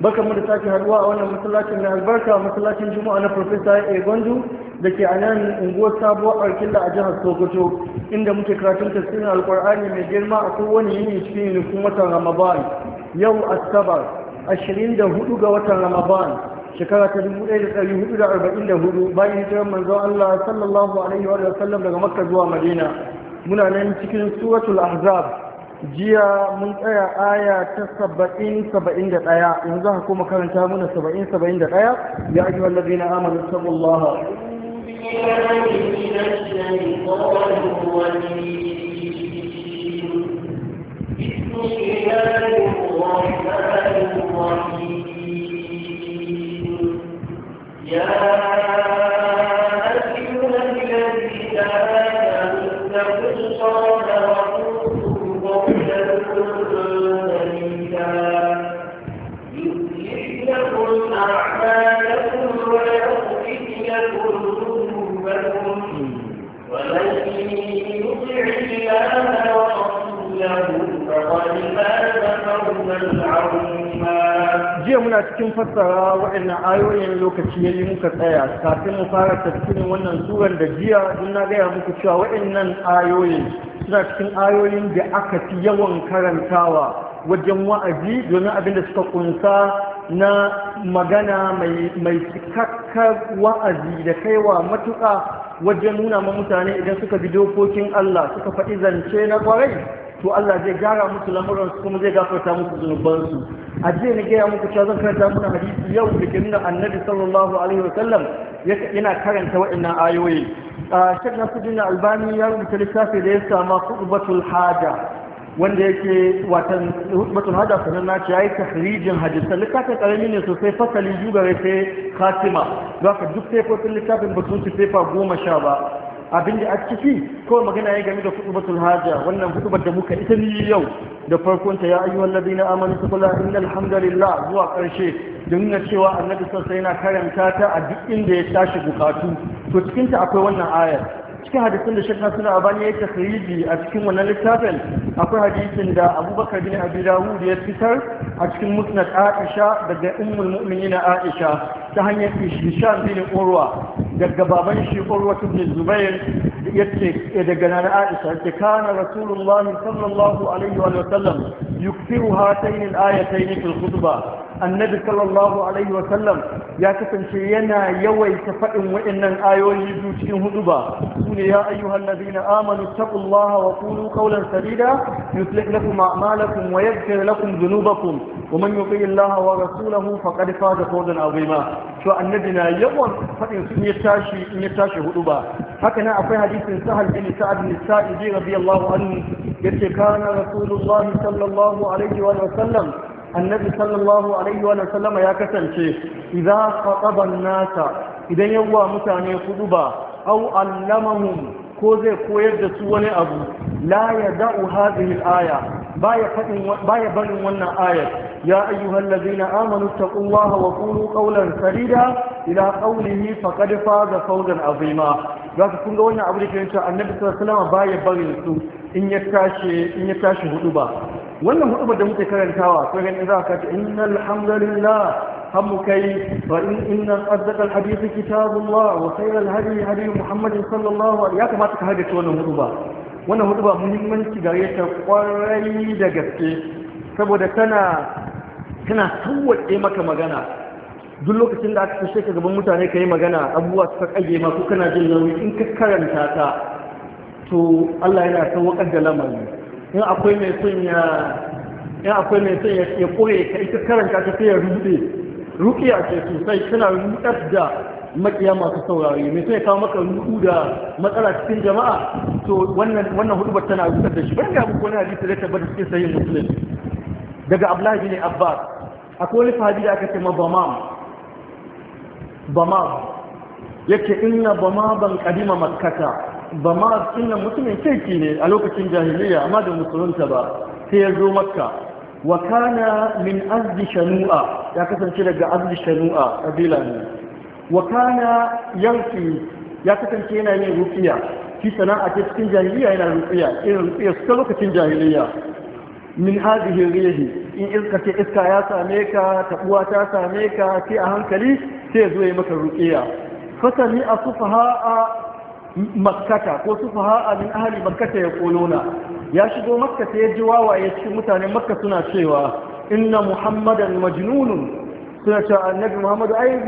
baka mu da sake haduwa a wannan masallacin na albarka masallacin juma'a na profesa a gwandu da ke a nan unguwar sabuwar arkilla a jihar sokoto inda muke karatun tasirin alkur'ani mai girma a kowane yini cikin kuma watan ramadan yau asabar 24 ga watan ramadan shekara ta 1444 bayan hijirar manzo Allah sallallahu alaihi wa sallam daga makka zuwa madina muna nan cikin suratul ahzab jiya mun tsaya aya ta saba'in saba'in da ɗaya yanzu haka kuma karanta muna saba'in saba'in da ɗaya ya ake wallabi na amalin laha Yeah. Ka cikin fassara waɗannan ayoyin lokaci ya yi muka tsaya kafin mu fara tafsirin wannan surar da jiya in na gaya muku cewa waɗannan ayoyin suna cikin ayoyin da aka fi yawan karantawa wajen wa'azi domin abin da suka kunsa na magana mai cikakkar wa'azi da kaiwa matuƙa wajen nuna ma mutane idan suka bi dokokin Allah suka faɗi zance na ƙwarai to Allah zai gyara musu lamuran su kuma zai gafarta musu zunuban su a jiya na gaya muku cewa zan karanta muku hadisi yau da ke nuna annabi sallallahu alaihi wa sallam yana karanta waɗannan ayoyi shek nasuddin albani ya rubuta littafi da ya sama khutbatul haja wanda yake watan khutbatul haja sanan na ce yayi tahrijin hadisi littafin karami ne sosai fasali jugare sai khatima zaka duk sai fasalin littafin ba sun goma sha ba abin da a ciki kawai magana ya game da kutubatul haja wannan kutubar da muka ita ni yau da farkon ta ya ayyuha alladhina amanu kula innal alhamdulillah zuwa karshe don nuna cewa annabi sosai yana karanta ta a duk inda ya tashi bukatu to cikin ta akwai wannan ayar cikin hadisin da shekna suna bani ya takriji a cikin wannan littafin akwai hadisin da abubakar bin abi dawud ya fitar a cikin musnad aisha daga ummul na aisha ta hanyar ishisham bin urwa daga baban shi urwatu bin zubair yace daga nan aisha yace kana rasulullah sallallahu alaihi wa sallam yukthiru hatayn al-ayatayn fil khutbah annabi sallallahu alaihi wasallam ya kasance yana yawaita faɗin waɗannan ayoyi biyu cikin hudu ba su ne ya ayyuhan ladina amanu taqullaha wa qulu qawlan sadida yuslih lakum a'malakum wa yaghfir lakum dhunubakum wa man yuti Allah wa rasulahu faqad faza fawzan azima to annabi na yawan faɗin sun ya tashi in ya tashi hudu ba haka nan akwai hadisin sahal bin sa'ad bin sa'id radiyallahu anhu yace kana rasulullahi sallallahu alaihi wa sallam annabi sallallahu alaihi wa sallama ya kasance idza khataba nasa idan yawa mutane ba aw allamahum ko zai koyar da su wani abu la yada'u hadhihi al-aya baya fadin baya barin wannan ayat ya ayyuhal ladina amanu taqullaha wa qulu qawlan sadida ila qawlihi faqad faza fawzan azima za ku ga wannan abu da ke cewa annabi sallallahu alaihi wasallam baya barin su in ya tashi in ya tashi hudu ba wannan hudubar da muke karantawa sai ganin za ka ce innal hamdalillah hamu kai fa in inna azzaqa al hadith wa khayr al hadi hadi muhammad sallallahu alaihi ya kamata ka hada wannan hudba wannan hudba muhimmanci gare ta kwarai da gaske saboda tana tana tawwace maka magana duk lokacin da aka kashe ka gaban mutane yi magana abubuwa suka kage ma ko kana jin nauyi in ka karanta ta to Allah yana saukar da lamarin in akwai mai son ya in akwai mai son ya ka ita karanta ta sai ya rubuce rukiya ce sosai tana rubutar da makiya masu saurari mai son ya kawo maka rudu da matsala cikin jama'a to wannan wannan hudubar tana rubutar da shi ban ga muku wani hadisi da tabbata cikin sahih muslim daga abdullahi ne abbas akwai wani fahadi da aka ce ma bamam bamam yake inna bamaban kadima makkata ba ma sunan mutumin kirki ne a lokacin jahiliya amma da musulunta ba sai ya zo makka wa kana min azdi shanu'a ya kasance daga azdi shanu'a kabila ne wa kana yanki ya kasance yana yin rufiya shi sana'a ta cikin jahiliya yana rufiya irin rufiya su ta lokacin jahiliya min hadhihi hiriyahi. in iska ce iska ya same ka tabuwa ta same ka sai a hankali sai ya zo ya maka rufiya fasami a sufaha makkata ko su faha min ahali makkata ya kolona ya shigo makkata ya ji wawa ya ci mutanen makka suna cewa inna muhammadan majnunun suna cewa annabi muhammadu ai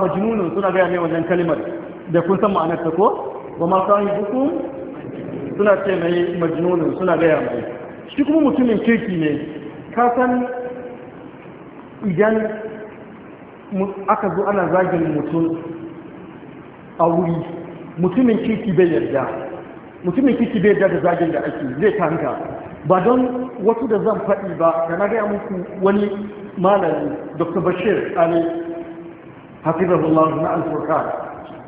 majnunun suna gaya mai wannan kalimar da kun san ma'anar ta ko wa ma sahibukum suna ce mai majnunun suna gaya mai shi kuma mutumin kirki ne ka san idan aka zo ana zagin mutum a wuri mutumin kirki bai yarda mutumin kirki bai yarda da zagin da ake zai tanka ba don wasu da zan faɗi ba da na gaya muku wani malami dr bashir ali hafizahullah na alfurka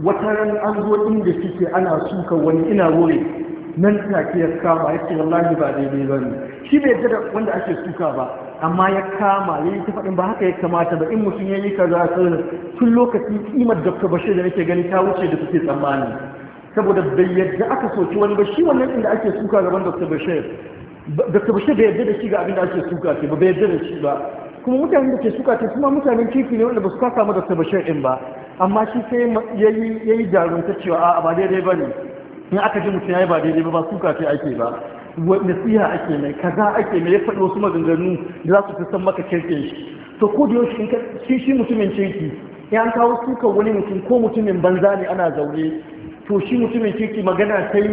wata ran an zo inda kike ana suka wani ina wuri nan take ya kama yake wallahi ba daidai ne shi bai yarda da wanda ake suka ba amma ya kama ya yi tafaɗin ba haka ya kamata ba in mutum ya yi su tun lokacin kimar dr bashe da nake gani ta wuce da suke tsammani saboda bai yadda aka soci wani ba shi wannan inda ake suka gaban dr bashir dr bashir bai yadda da shi ga abin da ake suka ce ba bai yadda da shi ba kuma mutane da ke suka ce kuma mutanen kifi ne wanda ba su kasa ma dr bashir din ba amma shi sai ya yi jarumta cewa a ba daidai ba ne in aka ji mutum ya yi ba daidai ba ba suka ce ake ba nasiha ake mai kaza ake mai ya faɗi wasu maganganu da za su fi san maka kirkin shi to ko da yaushe shi shi mutumin kirki ya kawo suka wani mutum ko mutumin banza ne ana zaune to shi mutumin kirki magana sai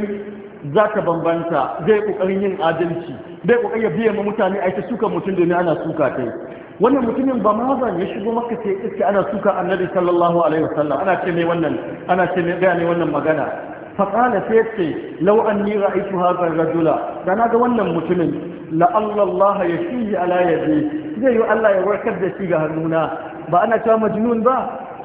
za ta bambanta zai kokarin yin adalci zai kokarin ya biya mutane a ita suka mutum domin ana suka kai wannan mutumin ba mazan ya shigo maka sai iska ana suka annabi sallallahu alaihi wasallam ana ce mai wannan ana ce mai gane wannan magana faƙala sai ce lau an ni ra'aitu hazar rajula da na ga wannan mutumin la'allallaha ya shi ala yabi zai yi Allah ya warkar da shi ga hannuna ba ana cewa majnun ba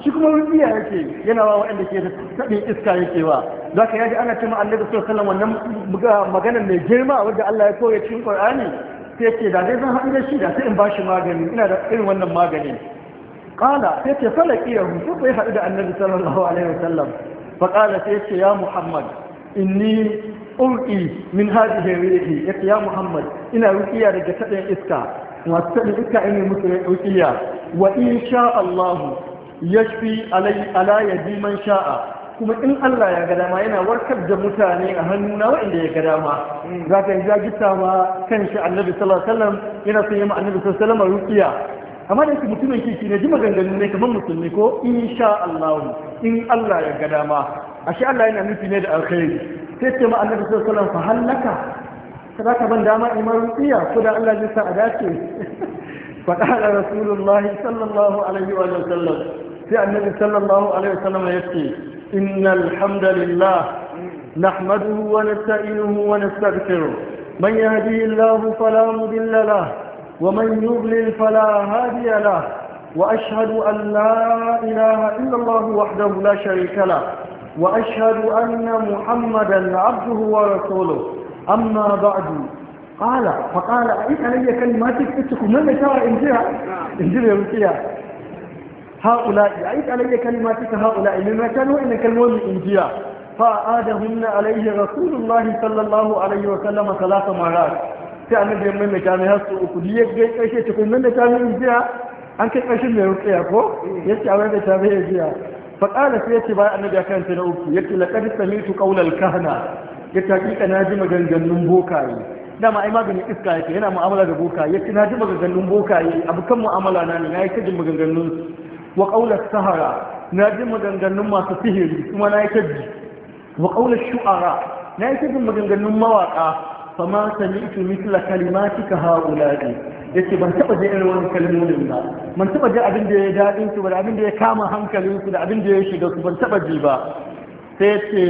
shi kuma rubiya yake yana wa waɗanda ke taɓin iska yake wa zaka ka yaji ana cewa annabi sallallahu alaihi wannan magana mai girma wanda Allah ya koya cikin Qur'ani sai yake da dai zan haɗu da shi da sai in bashi magani ina da irin wannan magani qala sai ce falaqiyahu sai ya haɗu da annabi sallallahu alaihi wasallam faƙala sai ce ya muhammad inni ulki min haɗi rihi yace ya muhammad ina rukiya daga taɗin iska masu taɗin iska ina musu rukiya wa in sha Allah yashfi ala man sha'a kuma in Allah ya ga dama yana warkar da mutane a hannuna waɗanda ya ga dama za ka yi jagita ma kan shi annabi sallallahu alaihi wasallam yana son yi annabi sallallahu alaihi wasallam rukiya amma da yake mutumin kirki ne ji maganganu ne kamar musulmi ko in sha Allah in Allah ya ga dama ashe Allah yana nufi ne da alkhairi sai ce ma annabi sallallahu alaihi wasallam fa hallaka kada ka ban dama imar tsiya ko da Allah zai sa a dace fa qala rasulullahi sallallahu alaihi wa sallam sai annabi sallallahu alaihi wa sallam ce innal hamdalillah nahmaduhu wa nasta'inuhu wa nastaghfiruh man yahdihillahu fala mudilla lahu ومن يضلل فلا هادي له وأشهد أن لا إله إلا الله وحده لا شريك له وأشهد أن محمدا عبده ورسوله أما بعد قال فقال أعيد علي كلمات كتبتكم من شاء انجيها انجيها انجيها هؤلاء أعيد علي كلماتك هؤلاء مما كانوا إن كلمون انجيها فآدهن عليه رسول الله صلى الله عليه وسلم ثلاث مرات sai annabi ya maimaita mai su uku duk ya ce, karshe nan da maimaita mai jiya an kai ƙarshen mai rukiya ko ya ce a maimaita mai jiya fa qala sai ya ce bayan annabi a karanta na uku ya ce sami su ƙaunar kahna ya ta hakika na ji maganganun bokaye dama ai maganin iska yake yana mu'amala da bokaye ya ce na ji maganganun bokaye kan mu'amala na ne na yi ta maganganun wa ƙaunar sahara na ji maganganun masu sihiri kuma na yi ta ji wa ƙaunar shu'ara na yi ta maganganun mawaƙa fama sami'tu mithla kalimatika haula'i yace ban taba ji irin wannan kalmomin ba ban taba ji abin da ya dadin su ba da abin da ya kama hankalin su da abin da ya shiga su ban taba ji ba sai ce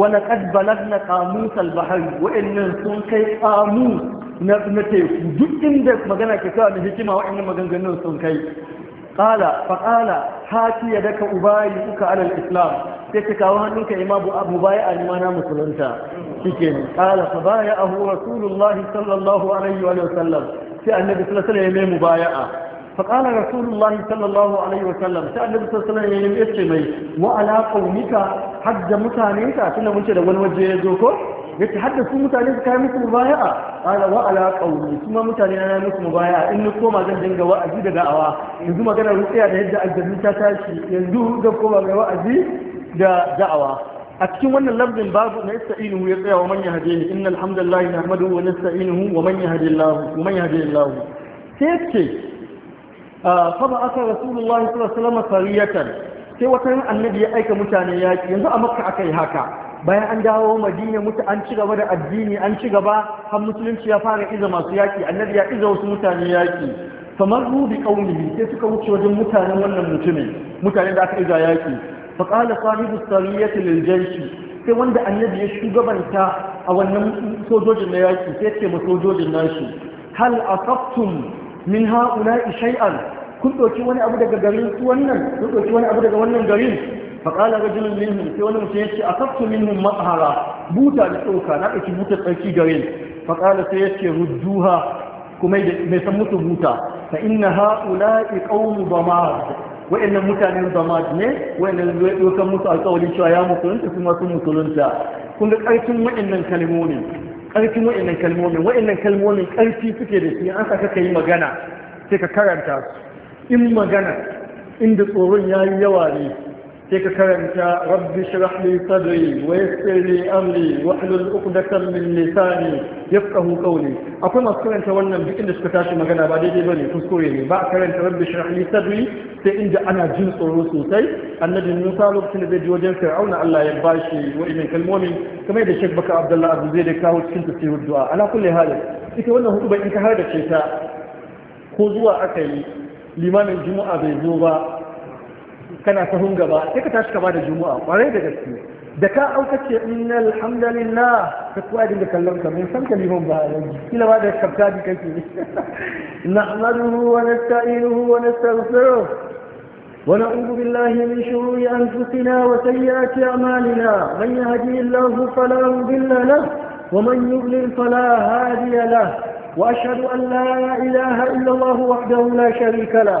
wala qad balagna qamus al-bahr wa inna sun kai qamus na na teku duk inda magana ke kawo da hikima inna maganganun sun kai qala fa qala hati yadaka ubayi uka alal islam sai ka kawo hannunka ima abu baya a limana musulunta shike ne kala fa baya ahu rasulullahi sallallahu alaihi wa sallam sai annabi sallallahu alaihi wa sallam baya'a fa kala rasulullahi sallallahu alaihi wa sallam sai annabi sallallahu alaihi wa sallam mai wa ala qaumika hajja mutanenka tunda mun ce da wani waje ya zo ko yace hadda su mutane su kai musu mubaya'a ala wa ala qauli kuma mutane na musu mubaya'a in ni koma zan dinga wa'azi da da'awa yanzu magana rutsiya da yadda azzabin ta tashi yanzu zan koma mai wa'azi da da'awa a cikin wannan lafzin babu na ista'inuhu ya tsaya wa man yahdihi innal hamdalillah nahmaduhu wa nasta'inuhu wa man yahdihillahu wa man yahdihillahu sai ce ah, fa ba aka rasulullahi sallallahu alaihi wasallam sariyatan sai wata annabi ya aika mutane yaki yanzu a makka akai haka bayan an dawo madina mutu an ci gaba da addini an ci gaba har musulunci ya fara iza masu yaki annabi ya iza wasu mutane yaki kamar rubi kaumihi sai suka wuce wajen mutanen wannan mutumin mutanen da aka iza yaki faƙala sahibu sariyatu lil jaishi sai wanda annabi ya shugabanta a wannan sojojin na yaki sai ce ma sojojin nashi hal asabtum min haula'i shay'an kun ɗauki wani abu daga garin wannan kun ɗauki wani abu daga wannan garin faƙala rajulun minhum sai wani mutum ya ce asabtu minhum matsara buta da tsoka na ɗauki buta tsarki garin faƙala sai ya ce rudduha kuma mai san mutu buta fa inna ha'ula'i qaumu damar wa'annan mutanen zamat ne wa'annan zai dokan musu alƙawarin cewa ya musulunta kuma sun musulunta kun ga ƙarfin wa'annan kalmomin ƙarfin wa'annan kalmomin wa'annan kalmomin ƙarfi suke da shi an saka ka yi magana sai ka karanta su in magana inda tsoron ya yi yawa ne sai ka karanta rabbi shrah li sadri wa yassir li amri wa hlul uqdatan min lisani yafqahu qawli akwai masu karanta wannan duk inda suka tashi magana ba daidai bane kuskure ne ba karanta rabbi shrah li sadri sai inda ana jin tsoro sosai annabi Musa lokacin da zai wajen Fir'auna Allah ya bashi wa'innan kalmomi kamar da Sheikh Baka Abdullah Abu Zaid ya kawo cikin tafsirud du'a ala kulli hal ita wannan hutuba in ka har da ce ta ko zuwa akayi? limamin juma'a bai zo ba kana sahun gaba sai ka tashi ka bada juma'a kwarai da gaske da ka auka ce inna alhamdulillah ka kuwa da kallon ka mun san kalimon ba ya ji kila ba da kafta bi kake na'maduhu wa nasta'inuhu wa nastaghfiru wa nastaghfiruh ونعوذ بالله من شرور أنفسنا وسيئات أعمالنا من يهدي الله فلا مضل له ومن يضلل فلا هادي له وأشهد أن لا إله إلا الله وحده لا شريك له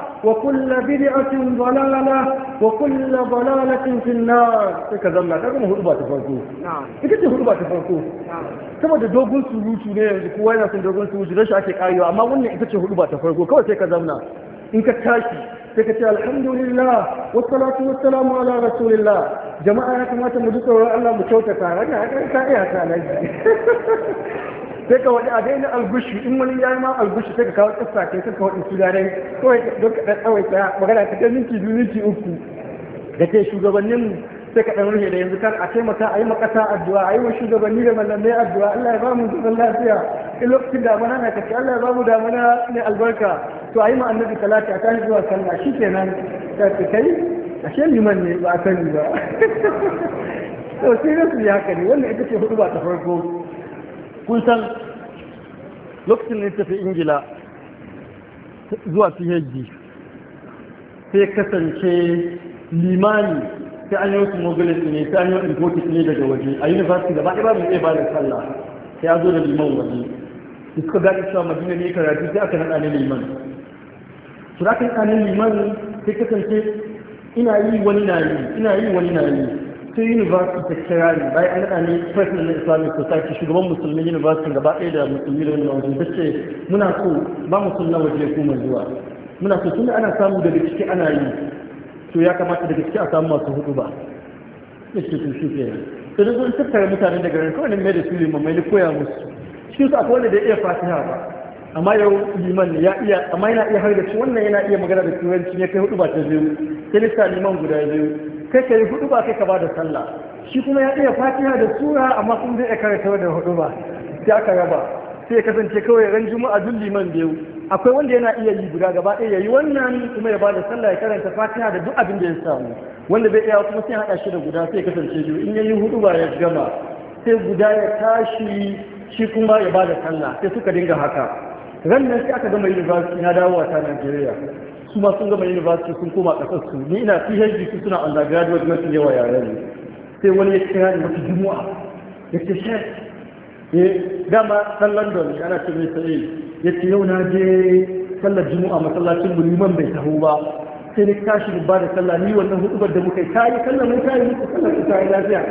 وكل بدعة ضلالة وكل ضلالة في النار sai zanna ta gama hudu ba ta farko ita ce hudu ba ta farko saboda dogon surutu ne yanzu kowa yana son dogon surutu shi ake karewa amma wannan ita ce hudu ba ta farko kawai sai ka zanna in ka tashi sai ka ce alhamdulillah wasu salatu wa salamu ala rasulillah jama'a ya kamata mu ji tsoron Allah mu kyautata wannan ya ka iya ka sai ka wani a na algushi in wani ya ma algushi sai ka kawo kasa kai sai ka wani su dare kawai don ka tsawai ta magana ta kai minti biyu minti uku da ke shugabannin sai ka ɗan rufe da yanzu kan a taimaka a yi makasa addu'a a yi wa shugabanni da mallamai addu'a Allah ya ba mu zaman lafiya in lokacin damana na kace Allah ya ba mu damana ne albarka to a yi ma annabi talata a kan zuwa sallah shikenan ta ce kai ashe liman ne ba a sani ba to sai su ya kare wannan ita ce hudu ba ta farko kun san lokacin da tafi ingila zuwa phd sai kasance limani sai an yi smuggling ne sai an yi su ne daga waje a university gaba ɗaya babu ba da sallah sai ya zo da liman waje da suka gaɗi cewa madina ne karatu sai aka naɗa ne liman su da aka naɗa ne liman sai kasance ina yi wani na yi ina yi wani na yi sai university ta kirari ni bayan an naɗa ni president na islamic society shugaban musulmi university gaba ɗaya da musulmi da wani wajen ta muna so ba musulmi waje kuma zuwa muna so tun ana samu daga ciki ana yi to ya kamata daga ciki a samu masu hudu ba ya ce tun shi ke nan sai da zuwa tattara mutane daga nan kawai mai da su limamai ni koya musu shi su akwai wanda da iya fatiha ba amma yau liman ya iya amma yana iya har da shi wannan yana iya magana da turanci ne kai hudu ba ta biyu sai lissa liman guda zai kai ka yi hudu ba kai ka ba da sallah shi kuma ya iya fatiha da sura amma kun zai karanta da hudu ba sai aka raba sai ya kasance kawai ran juma'a dun liman biyu akwai wanda yana iya yi guda gaba ɗaya yayi wannan kuma ya bada sallah ya karanta fatiha da duk abin da ya samu wanda bai iya kuma sai haɗa shi da guda sai ya kasance biyu in yayi hudu ba ya gama sai guda ya tashi shi kuma ya bada sallah sai suka dinga haka ran nan sai aka gama university na dawowa ta Najeriya su ma sun gama university sun koma kasar su ni ina PhD su suna undergraduate na sun yawa yare ne sai wani ya kira ni mafi jumu'a ya ce shek eh dama san London ana ce mai sai ya ce yau na je sallar jumu'a masallacin mu liman bai taho ba sai ni tashi ba da sallah ni wannan hudubar da muka yi ta yi sallar mun ta muku sallar ta yi lafiya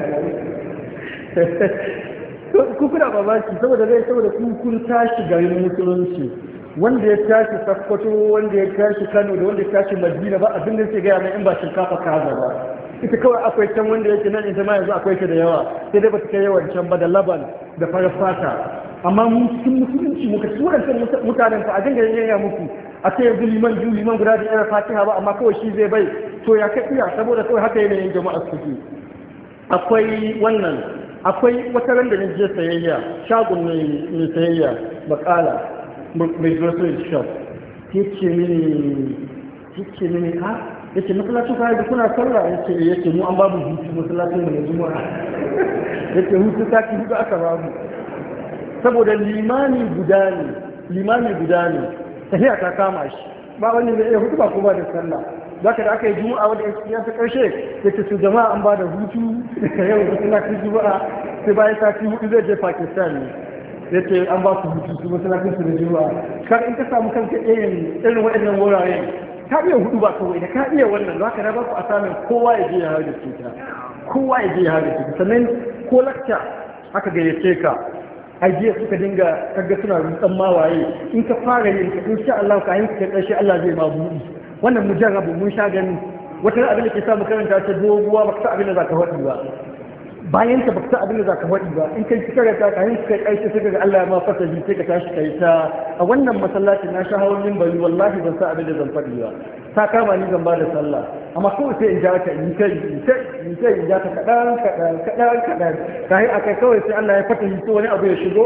ku kuna babaki saboda zai saboda ku kun tashi garin musulunci wanda ya tashi sakkwato wanda ya tashi kano da wanda ya tashi madina ba abin da yake gaya mai in ba shinkafa kaza ba ita kawai akwai can wanda yake nan ita ma yanzu akwai ta da yawa sai dai ba ta kai yawan can ba da laban da farar fata amma sun musulunci muka ci waɗancan mutanen fa a dinga yanya muku a ce yanzu liman biyu liman guda da yana fatiha ba amma kawai shi zai bai to ya kai iya saboda kawai haka yanayin jama'a suke akwai wannan akwai wata randa na jiya sayayya shagon mai sayayya bakala mai shop yake mini yake mini ha yake masallacin ka da kuna sallah yake yake mu an babu hutu masallacin mu na juma'a yake hutu ta sati hudu aka babu saboda limani guda ne limani guda ne tahiya ta kama shi ba wani zai iya hutu ba kuma da sallah Za ka da aka yi juma'a wanda ya fi karshe ce, su jama'a an ba da hutu yau masallacin juma'a sai bayan sati hudu zai je Pakistan ne ya ce an ba su hutu su masalacin su da juma'a kar in ka samu kanka irin irin waɗannan wurare ka iya hudu ba kawai da ka iya wannan za ka ba ku a samun kowa ya je ya hada cuta kowa ya je ya hada cuta sannan ko lakta aka gayyace ka ajiya suka dinga kaga suna rutsan mawaye in ka fara yin ka insha Allah ka ka karshe Allah zai ma buɗi wannan mujarrabu mun sha gani wata abin da ke samu karanta ta doguwa ba ka abin da za ka haɗu ba bayan ka bakta abin da za ka faɗi ba in kai kika ga ka hin kai kai sai ga Allah ya ma fasa ji sai ka tashi kai ta a wannan masallaci na sha hawan bari, wallahi ban sa abin da zan faɗi ba ta kama ni zan ba da sallah amma ko sai in ja ka in kai in kai in kai in ja ka kadan kadan kadan kadan kai kai kawai sai Allah ya fata ji to wani abu ya shigo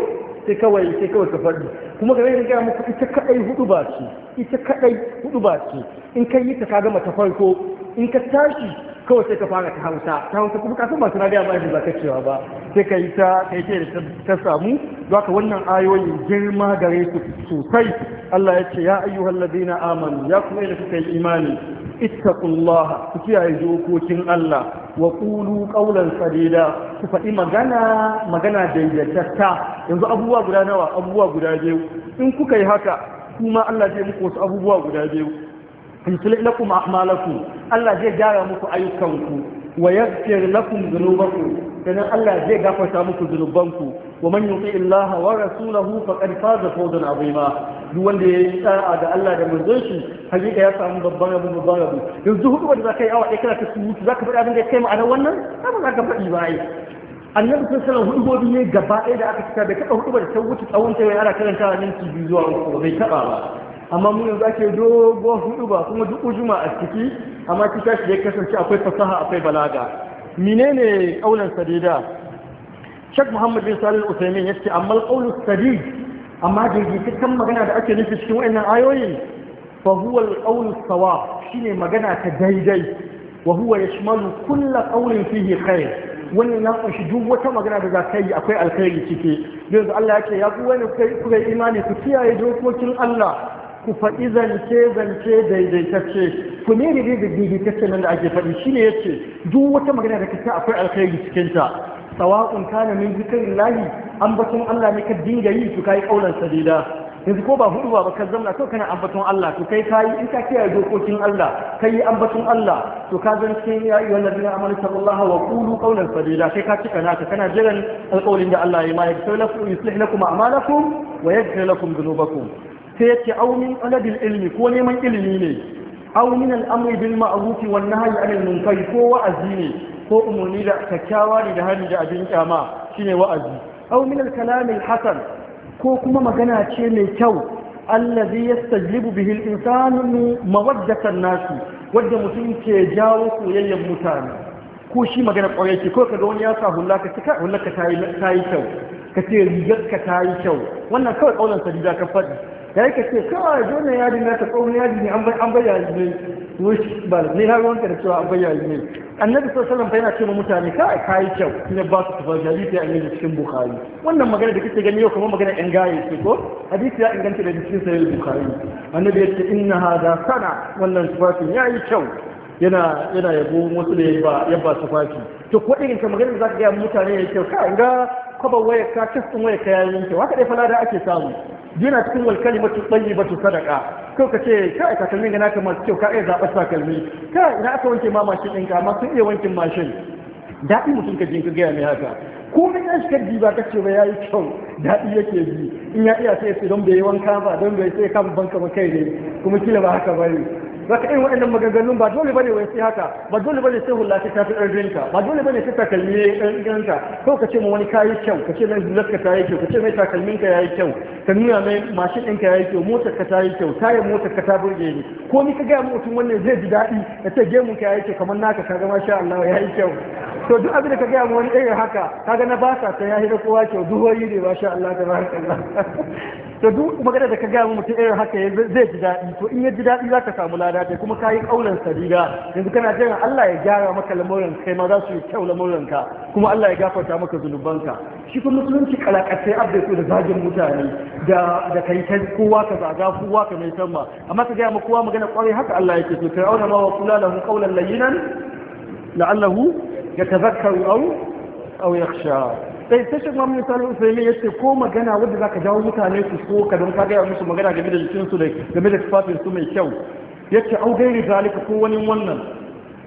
sai kawai sai kawai ka faɗi kuma game da gaya muku ita kadai hudu ba ce ita kadai hudu ba ce in kai yi ta ka gama ta farko in ka tashi kawai sai ka fara ta hausa ta hausa kuma kasan masu rariya ba shi ba cewa ba sai ka yi ta kai da ta samu ka wannan ayoyi girma gare su sosai Allah ya ce ya ayyuhal ladina amanu ya kuma da suka yi imani ittaqullah ku kiyaye dokokin Allah wa qulu qawlan sadida ku faɗi magana magana daidaitatta yanzu abubuwa guda nawa abubuwa guda biyu in kuka yi haka kuma Allah zai muku wasu abubuwa guda biyu yuslih lakum a'malakum Allah zai gyara muku ayyukanku wa yaghfir lakum dhunubakum sannan Allah zai gafarta muku dhunubanku wa man yuti Allah wa rasulahu faqad faza fawzan azima duk wanda ya yi sa'a da Allah da manzon shi hakika ya samu babban abu babban abu yanzu hudu da zaka awa ɗaya kana ka ta surutu zaka faɗi abin da kai ma'anar wannan ba za ka faɗi ba ai annabi sun sanar hudu gobi ne gaba ɗaya da aka cika bai taɓa hudu da ta wuce tsawon ta wani ana karanta minti biyu zuwa uku bai taɓa ba amma mun yanzu ake dogon hudu ba kuma duk ujuma a ciki amma kita shi ya kasance akwai fasaha akwai balaga menene kaulan sadida Sheikh Muhammad bin Salih Al-Uthaymeen yace amma qaulu sadid amma jirgin magana da ake nufi cikin wayannan ayoyin fa huwa al-qawlu shine magana ta daidai wa huwa yashmalu kull qawlin fihi khair wannan ya kunshi duk wata magana da za ka yi akwai alkhairi ciki yanzu Allah yake ya kuwa ne kuka imani ku kiyaye dokokin Allah ku faɗi zance zance daidaitacce ku ne da daidaitacce nan da ake faɗi shine yace duk wata magana da kake akwai alkhairi cikin ta sawa'un kana min zikrillahi ambaton Allah ne ka dinga yi to kai kaulan sadida yanzu ko ba hudu ba ka zamna to kana ambaton Allah to kai kai in ka kiyaye dokokin Allah kai ambaton Allah to ka zan cikin ya ayyuhal ladina amanu taqullaha wa qulu qawlan sadida kai ka cika naka kana jiran alƙawarin da Allah ya yi ma yaghfir lakum yuslih lakum a'malakum wa yaghfir lakum dhunubakum sai yake aunin aladin ilmi ko neman ilimi ne aunin al'amri a ma'ruf wan hanyar anil munkar ko wa'azi ne ko umarni da kyakkyawa ne da hani da abin kyama shine wa'azi aunin kalaman hasan ko kuma magana ce mai kyau allazi yastajibu bihi al insanu mawaddatan nasi wanda mutum ke jawo soyayyar mutane ko shi magana kwarai ce ko ga wani ya sa hulla ka cika hulla ka tayi kyau ka ce rigar ka tayi kyau wannan kawai kaulan sadida ka faɗi ya yi kace kawai zo na yadi na ta tsohon yadi ne an bayyana ne wuce ba ne har wanka da cewa an bayyana ne annabi sallallahu alaihi yana ce ma mutane kawai kayi kyau ne ba su tafi hadisi ya inganta cikin bukhari wannan magana da kake gani yau kuma magana yan gaye ce ko hadisi ya inganta da cikin sahih bukhari annabi ya ce inna hada sana wannan tufafin yayi kyau yana yana yabo wasu da ya ba tufafi to ko irin ka magana za ka ga mutane ya kyau, ka ga kwabar wayar ka kastin wayar ka yayin ta haka dai fala da ake samu yana cikin wal kalimatu tayyibatu sadaqa ko kace ka aika kalmin gana masu kyau ka aika zaba sa kalmi ka ina aka wanke ma mashin ɗinka ka masu iya wankin mashin daɗi mutum ka jinka gaya mai haka ko na ya shigar ji ba ka ce ba ya yi kyau daɗi yake ji in ya iya sai sai don bai yi wanka ba don bai sai kama banka ba kai ne kuma kila ba haka ba ne za ka irin waɗannan maganganun ba dole bane wai sai haka ba dole bane sai hula ta fi ɗan ba dole bane sai takalmi ya yi ɗan ko ka ce ma wani kayi kyau ka ce mai hularka ta yi kyau ka ce mai takalminka ya yi kyau ka nuna mai mashin ɗinka ya yi kyau motar ka ta yi kyau tayar motar ka ta burge ni ko ni ka gaya mutum wannan zai ji daɗi da ta gemun ka ya yi kyau kamar naka ka ga masha Allah ya yi kyau to duk abin da ka gaya wani irin haka ka ga na basa ta ya hira kowa kyau wani ne masha Allah ta ba haka to duk magana da ka gaya mutum irin haka zai ji daɗi to in ya ji daɗi za ka samu lada ta kuma ka yi ƙaunar sadiga yanzu kana jiran Allah ya gyara maka lamuran kai ma za su yi kyau lamuranka kuma Allah ya gafarta maka zunubanka shi kuma musulunci kalakatai abda da zagin mutane da da kai ta kowa ka zaga kowa ka mai tamma amma ka ga mu kowa magana kwarai haka Allah yake to fir'auna ma wa qula lahu qawlan layyinan la'allahu yatazakkaru aw aw yakhsha sai sai shi ma misali usaimi yace ko magana wanda zaka jawo mutane su so ka don ka gaya musu magana game da jikin su da game da tufafin su mai kyau yace au gairi zalika ko wani wannan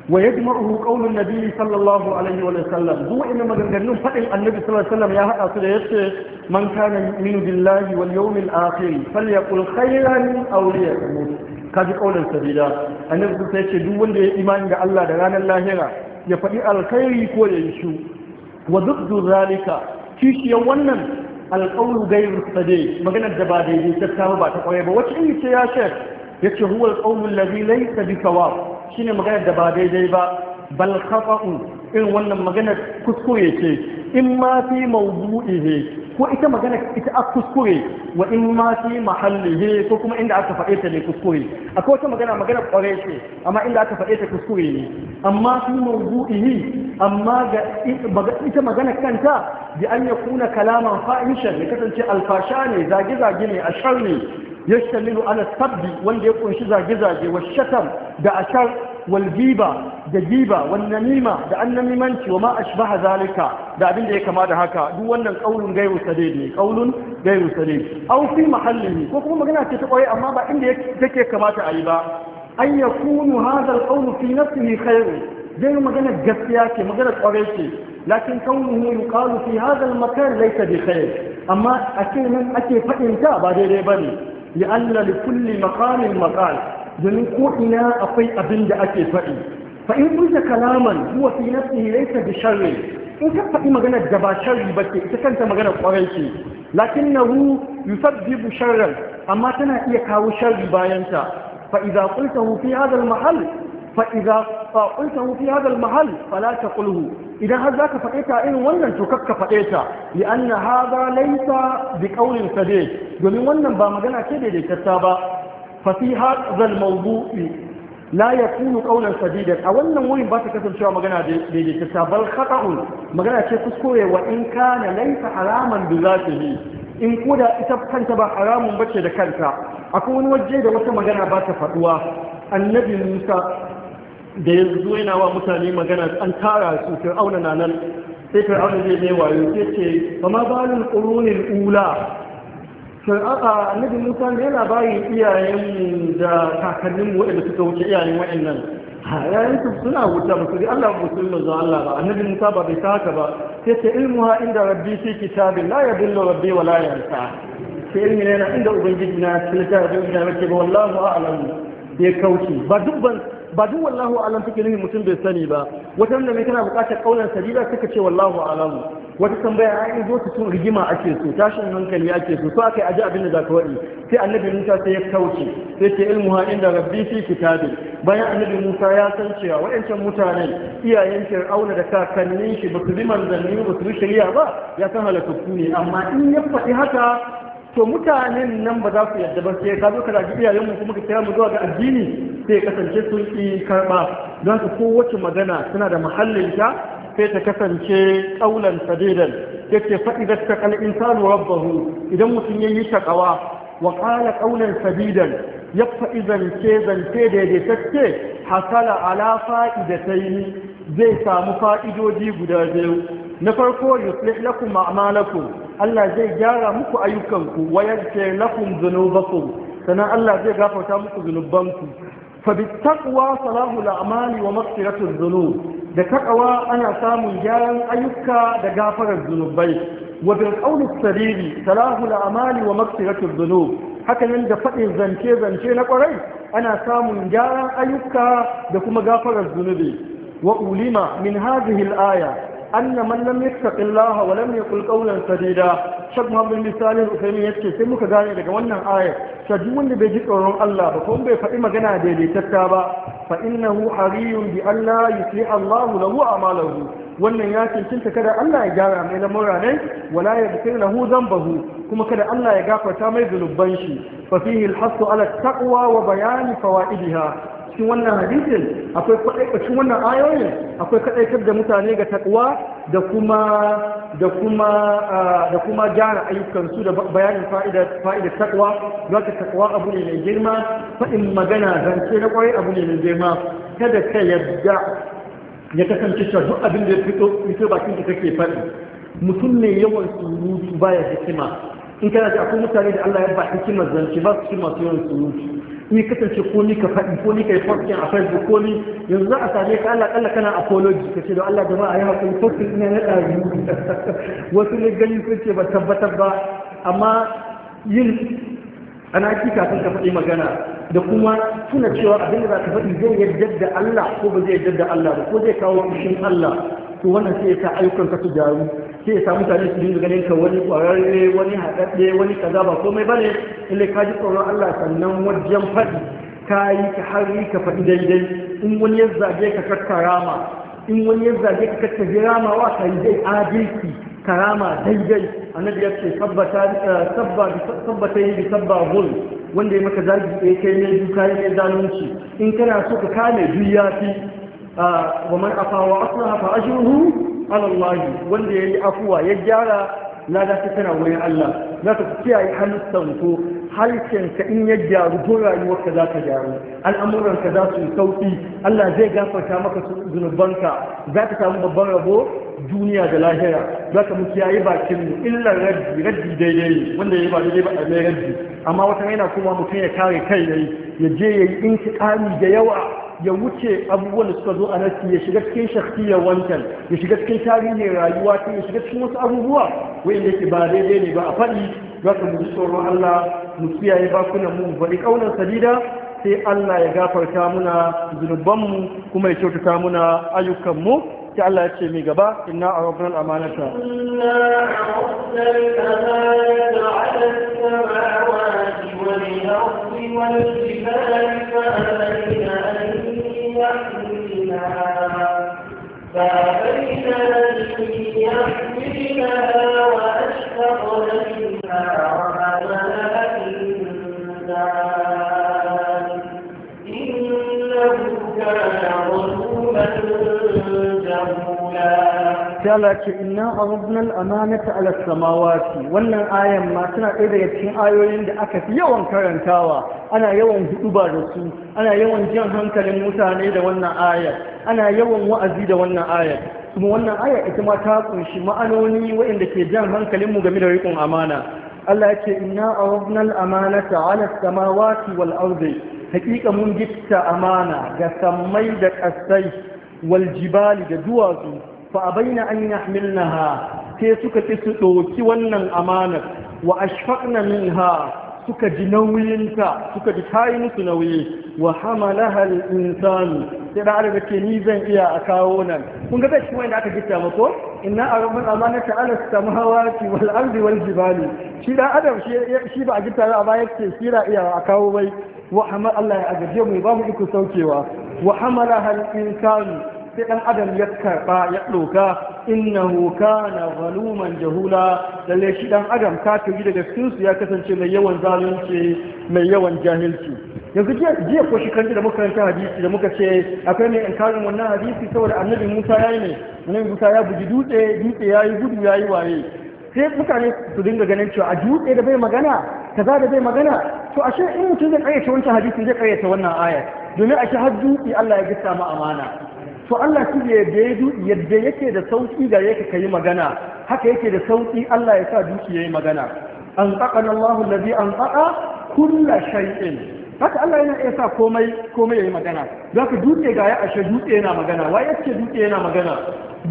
wa yajma'uhu qawlun nabiy sallallahu alaihi wa sallam duk inda maganganun fadin annabi sallallahu wa sallam ya hada su da yace man kana yaumin billahi wal yawmil akhir falyaqul khayran aw liyamut kaji qawlan sabila annabi sai yace duk wanda ya imani da Allah da ranar lahira ya faɗi alkhairi ko ya yi shu wa duk zalika kishiyar wannan alƙawlu gairu sade maganar da ba daidai ta ba ta kwaye ba wacce in ce ya shek ya ce huwa alƙawlu lazi laisa bi sawab shine maganar da ba daidai ba bal khata'u irin wannan maganar kuskure ce in ma fi mawdu'ihi ko ita magana ita a kuskure wa in ma fi mahallihi ko kuma inda aka faɗe ta ne kuskure akwai wata magana magana ƙwarai ce amma inda aka faɗe ta kuskure ne amma fi mawdu'ihi amma ga ita magana kanta bi an yakuna kalaman fahishan ne kasance alfasha ne zage zage ne ashar ne yashtamilu ala sabbi wanda ya kunshi zage-zage wa shatam da ashar wal giba da giba wan namima da annamimanci wa ma ashbaha zalika da abin da ya kama da haka duk wannan kaulun gairu sadid ne qaulun gairu sadid aw fi mahallihi ko kuma magana ce ta koyi amma ba inda take kamata a yi ba an yakunu hadal al qawlu fi nafsihi khairu dai magana gaskiya ce magana kwarai ce lakin kaunuhu yuqalu fi hadal al makan laysa bi khair amma a nan ake fadin ta ba daidai bane لأن kulle مقام مقال domin ko'ina akwai abin da ake faɗi fa in kuje kalaman huwa fi nafsihi laysa bi sharri in ka faɗi maganar da ba sharri ba ce ita kanta magana kwarai ce lakinnahu yusabbibu sharran amma tana iya kawo sharri bayanta. ta fa idza qultahu fi hadha al mahall fa idza qultahu fi hadha al mahall fala taqulhu idan har zaka faɗe ta irin wannan to kakka faɗe ta li anna hadha da bi qawlin domin wannan ba magana ce da daidaitatta ba Fasiha fi hadha al mawdu'i la yakunu a wannan wurin ba ta kasancewa magana da daidaitata bal khata'un magana ce kuskure wa in kana laysa haraman bi zatihi in da ita kanta ba haramun bace da kanta akwai wani waje da wata magana ba ta faɗuwa, annabi Musa da yanzu yana wa mutane magana an tara su fir'auna na nan sai fir'auna zai mai wayo sai ce ba ma ƙurunin ula fir'auna annabi musa yana bayi iyayen da kakannin waɗanda suka wuce iyayen waɗannan yayin su suna wuta ba su Allah ba su manzo Allah ba annabi musa ba bai haka ba sai ce inda rabbi fi kitabin la yadullu rabbi wa la yansa sai ilmi ne yana inda ubangiji na cikin littafin da nake ba wallahu a'lam bai kauce ba dubban ba duk wallahu alam take nufin mutum bai sani ba wata da mai kana buƙatar kaulan sadida suka ce wallahu alam wata tambaya ai zo ta tun rigima ake so tashin hankali ake so so akai aji abin da zaka wadi sai annabi Musa sai ya kauce sai ce ilmu ha inda rabbi fi kitabi bayan annabi Musa ya san cewa waɗancan mutanen iyayen Fir'auna da kakannin shi ba su bi manzanni ba su shari'a ba ya san halakku ne amma in ya faɗi haka to mutanen nan ba za su yarda ba sai ka zo ka zagi iyayenmu kuma ka kira mu zuwa ga addini sai kasance sun ki karba don ka kowace magana suna da ta sai ta kasance kaulan sadidan faɗi da idza taqal insanu rabbahu idan mutum yayi ta wa qala ƙaunar sadidan ya faɗi zance zance daidaitacce hasala ala yi zai samu fa'idoji guda biyu na farko yuslih lakum a'malakum Allah zai gyara muku ayyukanku wa yaghfir lakum dhunubakum sannan Allah zai gafarta muku zunubanku fa bittaqwa salahul a'mali wa maghfiratul dhunub da taqwa ana samun gyaran ayyuka da gafarar zunubai wa bil qawli sadidi salahul a'mali wa maghfiratul dhunub hakanan da faɗin zance zance na kwarai ana samun gyaran ayyuka da kuma gafarar zunubi wa ulima min hadhihi al-aya anna man lam yattaqillaha wa lam yaqul qawlan sadida shek muhammad bin salih usaimi yace sai muka gane daga wannan ayar cewa duk wanda bai ji tsoron Allah ba kuma bai faɗi magana daidaitatta ba fa innahu hariyun bi Allah yusi Allah lahu amalahu wannan ya cancanta kada Allah ya gyara mai lamura ne wala yaghfir lahu dhanbahu kuma kada Allah ya gafarta mai zulubban shi fa fihi al ala taqwa wa bayani fawaidiha cikin wannan hadisin akwai kwaɗaikacin wannan ayoyin akwai kaɗaitar da mutane ga takwa da kuma da kuma da kuma gyara ayyukansu da bayanin fa'idar fa'idar takwa don ka takwa abu ne mai girma faɗin magana zance na kwarai abu ne mai girma kada ka yadda ya kasance cewa duk abin da ya fito fito bakin ka kake faɗi mutum mai yawan surutu baya hikima in kana da akwai mutane da Allah ya ba hikimar zance ba su ci masu yawan surutu ni kasance ko ni ka faɗi ko ni ka yi a facebook ko ni yanzu za a same ka Allah kalla kana apology ka ce da Allah jama'a ya haƙuri posting ina na ɗari wasu ne gani sun ce ba tabbatar ba amma yin ana ki kafin ka faɗi magana da kuma tuna cewa abin da za ka faɗi zai yarda da Allah ko ba zai yarda da Allah ba ko zai kawo kishin Allah to wannan sai ya ayyukan ka su jaru. sai ya mutane su dinga ganin ka wani kwararre wani haɗaɗɗe wani kaza ba komai ba ne illa ka ji tsoron Allah sannan wajen faɗi ka yi ka har yi ka faɗi daidai in wani ya zage ka kakkarama in wani ya zage ka kakkaji ramawa ka yi dai adalci karama daidai annabi ya ce sabbata eh, sabbata yi sabba gul wanda ya maka zargi ɗaya eh, kai ne duka ne zalunci in kana so ka kame duk ya fi ah, wa man afawa aslaha fa alallahi wanda ya yi afuwa ya gyara lada ta tana wurin Allah za ka kiyaye halittar ko harshenka in ya gyaru ko rayuwarka za ta gyaru al'amuranka za su yi Allah zai gafarta maka zunubanka za ka samu babban rabo duniya da lahira za ka mutu yayi bakin mu illa raddi raddi daidai wanda ya ba daidai ba mai raddi amma wata yana kuma mutum ya kare kai yayi ya je yayi intiqami da yawa ya wuce abubuwan da suka zo a nasi ya shiga cikin shakhsiyar wancan ya shiga cikin tarihin rayuwa ta ya shiga cikin wasu abubuwa wanda yake ba daidai ne ba a faɗi za ka mu tsoron Allah mu kiyaye bakunan mu bari kaunar sadida sai Allah ya gafarta muna zunubanmu kuma ya kyautata muna ayyukanmu sai Allah ya ce mai gaba inna a rabbal amanata inna a rabbal amanata يحملنا فأبين أن يحملنا وأشفقن منها وحملها الإنسان إنه كان ظلوما جهولا ta'ala ce inna aradna al-amanata ala samawati wannan ayan ma tana ɗaya daga cikin ayoyin da aka fi yawan karantawa ana yawan huduba da su ana yawan jan hankalin mutane da wannan ayar ana yawan wa'azi da wannan ayar kuma wannan ayar ita ma ta kunshi ma'anoni waɗanda ke jan hankalin mu game da riƙon amana Allah ce inna aradna al-amanata ala samawati wal ardi haƙiƙa mun gitta amana ga sammai da ƙasai wal jibali da duwatsu fa abaina an yahmilnaha sai suka ki su ɗauki wannan amanar wa ashfaqna minha suka ji nauyinta suka ji tayi musu nauyi wa hamalaha al-insanu sai da aka ce ni zan iya a kawo nan kun ga cikin wanda aka gitta mako inna arabul amanata ala samawati wal ardi wal jibali shi da adam shi a shi iya Allah ya agaje mu ba mu iko saukewa wa sai ɗan adam ya karɓa ya doka hoka na zaluman jahula lalle shi ɗan adam kafiri daga sinsu ya kasance mai yawan zalunci mai yawan jahilci yanzu jiya ko shi kanji da muka yanta hadisi da muka ce akwai mai inkarin wannan hadisi saboda annabi Musa ya yi ne annabi Musa ya buji dutse dutse ya yi gudu yi waye sai mutane su dinga ganin cewa a dutse da bai magana kaza da bai magana to ashe in mutum zai karyata wancan hadisi zai karyata wannan ayar domin ashe har dutse Allah ya gisa mu amana to Allah shi da yadda yake da sauki ga yake ka yi magana haka yake da sauki Allah ya sa duki ya yi magana an tsaƙan Allah lazi an tsaƙa kulla shay'in haka Allah yana iya sa komai komai ya yi magana za ka dutse ga ya ashe dutse yana magana wa ya ce dutse yana magana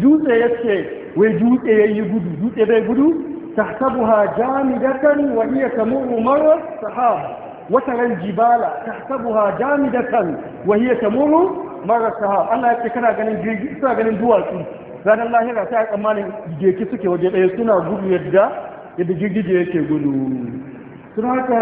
dutse ya ce wai dutse ya yi gudu dutse bai gudu tahsabuha jamidatan wa hiya tamurru marra sahab wataran jibala tahsabuha jamidatan wa hiya tamurru marasa Allah ya ce kana ganin jirgi suna ganin duwatsu ranar lahira sai a tsammanin jirgi suke waje daya suna gudu yadda yadda girgije yake gudu suna haka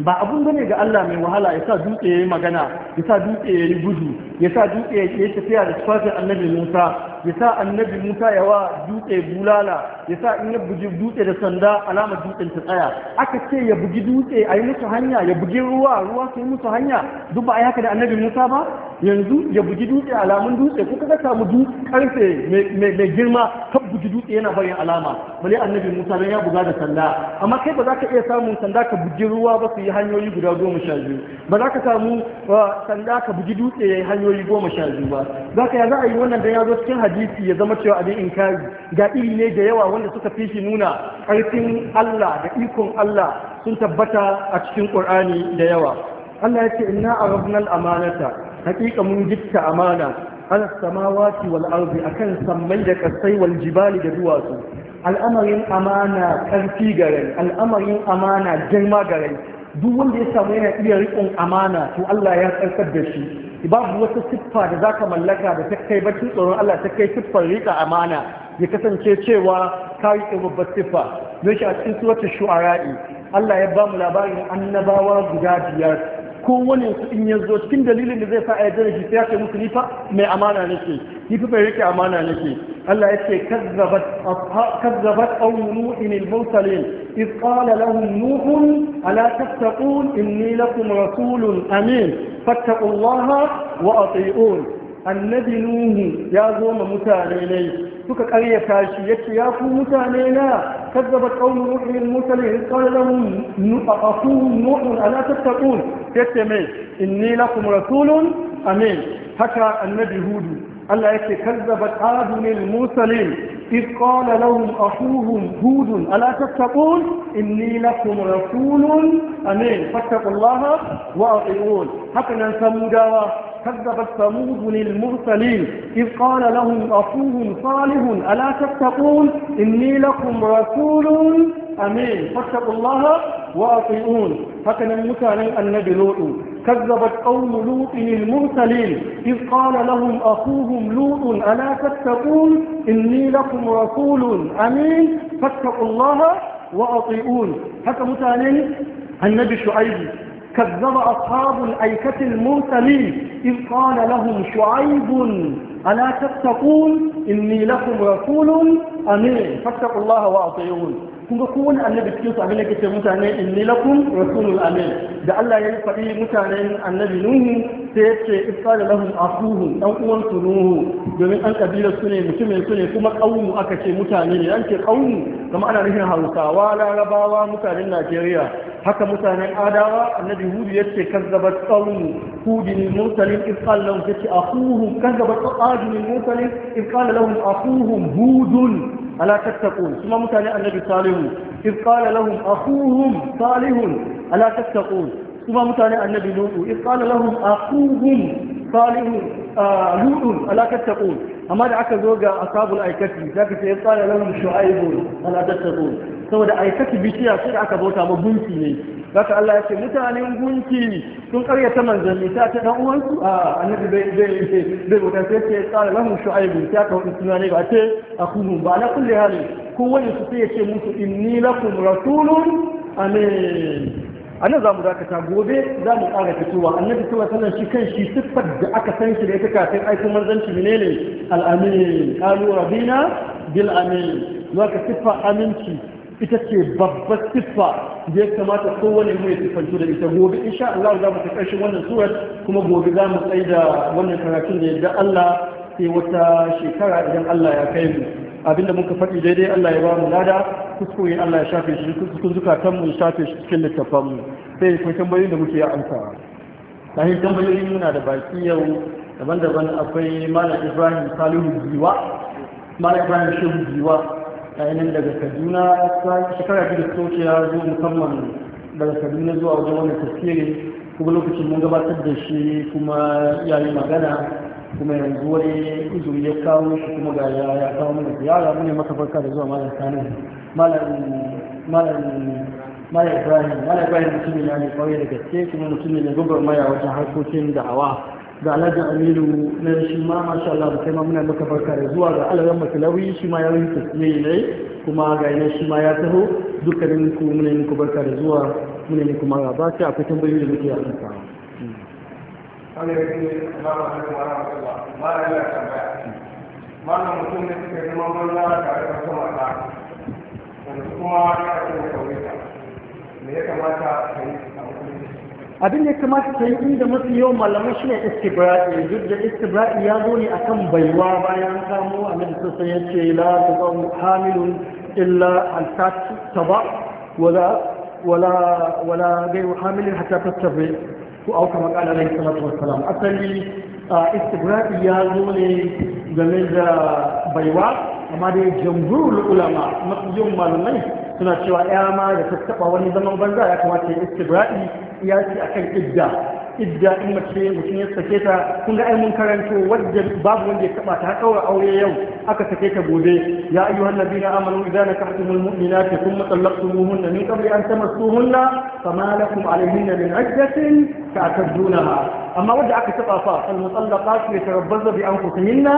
ba abun bane ga Allah mai wahala ya sa dutse ya yi magana ya sa dutse ya yi gudu ya sa dutse ya yi tafiya da tufafin annabi Musa ya sa annabi musa ya wa dutse bulala ya sa in ya bugi dutse da sanda alamar dutsen ta tsaya aka ce ya bugi dutse a yi musu hanya ya bugi ruwa ruwa su yi musu hanya duk ba a yi da annabi musa ba yanzu ya bugi dutse alamun dutse ko ka samu dutse karfe mai girma ka bugi dutse yana bari alama bale annabi musa don ya buga da sanda amma kai ba za ka iya samun sanda ka bugi ruwa ba su yi hanyoyi guda goma sha biyu ba za ka samu uh, sanda ka bugi dutse ya yi hanyoyi goma sha biyu ba za ka ya za a yi wannan da ya zo cikin hadisi hadisi ya zama cewa abin inkari ga iri ne da yawa wanda suka fi shi nuna ƙarfin Allah da ikon Allah sun tabbata a cikin Ƙur'ani da yawa Allah ya ce inna a al-amanata haqiqa mun gitta amana ana samawati wal ardi akan sammai da kasai wal jibali da duwatsu al'amarin amana ƙarfi rai, al'amarin amana girma rai, duk wanda ya samu yana iya riƙon amana to Allah ya tsarkar da shi babu wata siffa da zaka mallaka da ta kai bacin tsoron Allah ta kai siffar rika amana ya kasance cewa ka yi babbar siffa yau a cikin suratul shu'ara'i Allah ya ba mu labarin annabawa guda biyar wani su in yanzu cikin dalilin da zai sa a yi shi sai ya ce musu nifa mai amana nake nifa bai rike amana nake Allah ya ce kazzabat qawmu nuhin al-mursalin iz nuhun ala in inni lakum rasulun amin fattaqullaha wa ati'un annabi nuhu ya zo ma mutane ne suka karyata shi yace ya ku mutane na كذبت قوم نوح المرسلين قال لهم اخوهم نوح الا تتقون يتمي اني لكم رسول امين حكى النبي هود ألا يكي كذبت عاد المرسلين إذ قال لهم أخوهم هود ألا تتقون إني لكم رسول أمين فاتقوا الله وأطيعون حتى ننسى مجاوة كذبت الثمود للمرسلين إذ قال لهم أخوهم صالح ألا تتقون إني لكم رسول أمين فاتقوا الله وأطيعون هكذا المتعنى النبي لوط كذبت قوم لوط المرسلين إذ قال لهم أخوهم لوط ألا تتقون إني لكم رسول أمين فاتقوا الله وأطيعون هكذا متعنى النبي شعيب كذب أصحاب الأيكة المرسلين إذ قال لهم شعيب ألا تتقون إني لكم رسول أمين فاتقوا الله وأطيعون kun ga kowane annabi cikin su abin da kace mutane inni lakum rasulul amin da Allah ya faɗi mutanen annabi nuhu sai ya ce isqala lahum akuhum dan uwan su nuhu domin an kabila su ne mutumin su ne kuma qaumu aka ce mutane ne an ce qaumu kuma ana nufin Hausawa Larabawa mutanen Najeriya haka mutanen Adawa annabi Hudu ya ce kazzabat qaumu hudin mursalin isqala lahum yace akuhum kazzabat adin mursalin isqala lahum akuhum hudun ala tattaqun kuma mutane annabi salihu iz qala lahum akhuhum salihun ala tattaqun kuma mutane annabi lutu iz qala lahum akhuhum salihun lutun ala tattaqun amma da aka zo ga ashabul aikaci zaka ce iz qala lahum shu'aibun ala tattaqun saboda aikaci bishiya sai aka bauta ma ne zaka Allah ya ce mutanen gunki sun karyata manzanni ta ta dan uwansu a annabi bai bai bai wata sai ce qala lahu shu'aib ta ka wani suna ne ba ce akhum ba na kulli hali Ko wani su sai ya ce musu inni lakum rasulun amin annan za mu dakata gobe zamu mu ƙara fitowa annabi fitowa sannan shi kan shi siffar da aka san shi da ita kafin aikin manzanci menene al-amin qalu rabbina bil amin waka siffa aminci ita ce babbar siffa da ya kamata kowane mu ya siffantu da ita gobe insha Allah za mu ta karshen wannan surar kuma gobe za mu tsaye da wannan karatun da yadda Allah sai wata shekara idan Allah ya kai mu abinda muka faɗi daidai Allah ya ba mu lada kuskure Allah ya shafe shi kuskure zukatan mu shafe shi cikin littafan mu sai akwai tambayoyin da muke ya amsa sai tambayoyin muna da baki yau daban-daban akwai Malam Ibrahim Salihu Giwa Malam Ibrahim Shehu Giwa ainihin daga kaduna shekara biyu da ta wuce ya zo musamman daga kaduna zuwa wajen wani tafiye kuma lokacin mun gabatar da shi kuma ya yi magana kuma yanzu wani uzuri ya kawo shi kuma ga ya kawo mana ziyara mu ne maka farka da zuwa malam Sani, malam Ibrahim, malam Ibrahim mutum ne ne kwarai da gaske kuma mutum ne maya wajen harkokin da'awa da alhaji aminu na shi ma masha Allah kai ma muna maka barka da zuwa ga alaran masalawi shi ma ya yi tasmiyi ne kuma ga ina shi ma ya taho dukkanin ku muna muku barka da zuwa muna ne kuma ga ba akwai tambayoyi da muke yakan sa mutum ne suka zama banza tare da kuma wata mata kuma ya ta me ya kamata ka yi abin da kamata ta yi da mafi yawan malamai shi ne istibra'i duk da istibra'i ya zo ne akan baiwa bayan kamo a nan sassan ya ce la ta zan hamilun illa alkati ta ba wala gairu hamilin hata ta tabi ko auka makala na salatu wassalam asali istibra'i ya zo ne game da baiwa amma dai jamhurul ulama mafi yawan malamai suna cewa ya ma da tattaɓa wani zaman banza ya kamata ya istibra'i iyaci akan idda idda in mace mutum ya sake ta kun ga ai mun karanto wadda babu wanda ya taba ta kaura aure yau aka sake ta gobe ya ayyuhan nabiyina amanu idza ta mu'minati thumma talaqtumuhunna min qabli an tamassuhunna fama lakum alayhinna min iddatin ta'tadunaha amma wadda aka taba fa al mutallaqat yatarabbazna bi anfusihinna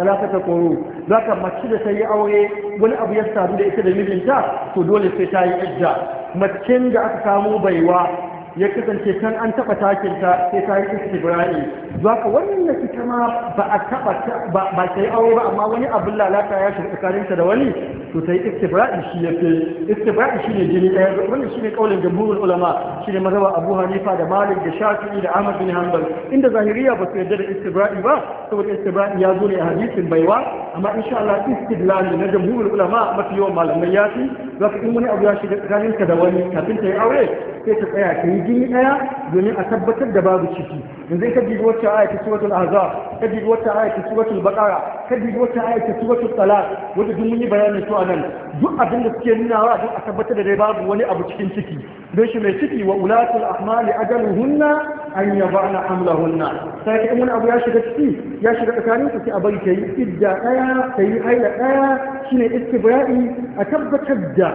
salatata quru zaka mace da ta yi aure wani abu ya sadu da ita da mijinta to dole sai ta yi idda macen da aka samu baiwa ya kasance kan an taɓa takin ta sai ta yi istibra'i ka wannan ita ma ba a taɓa ba ta yi aure ba amma wani abin lalata ya shiga tsakaninta da wani to ta yi istibra'i shi ya fi istibra'i shi ne jini ɗaya wannan shi ne ƙaunin jamhurin ulama shi ne mazhaba abu hanifa da malik da shafi'i da ahmad bin hanbal inda zahiriya ba su yarda da istibra'i ba saboda istibra'i ya zo ne a hadisin baiwa amma insha Allah istidlali na jamhurin ulama mafi yawan malamai ya fi zaka in wani abu ya shiga tsakaninka da wani kafin ta yi aure sai ta tsaya ta yi gini ɗaya domin a tabbatar da babu ciki yanzu ka jibi wacce aya ta suratul azab ka wacce aya ta suratul baqara ka wacce aya ta suratul talaq wanda duk mun yi bayani su anan duk abin da suke nuna wa duk a tabbatar da dai babu wani abu cikin ciki don shi mai ciki wa ulatul ahmali ajaluhunna an yabana hamlahunna sai ka mun abu ya shiga ciki ya shiga tsakanin su sai a bari ta yi idda ɗaya ta yi haila ɗaya shine istibra'i a tabbatar da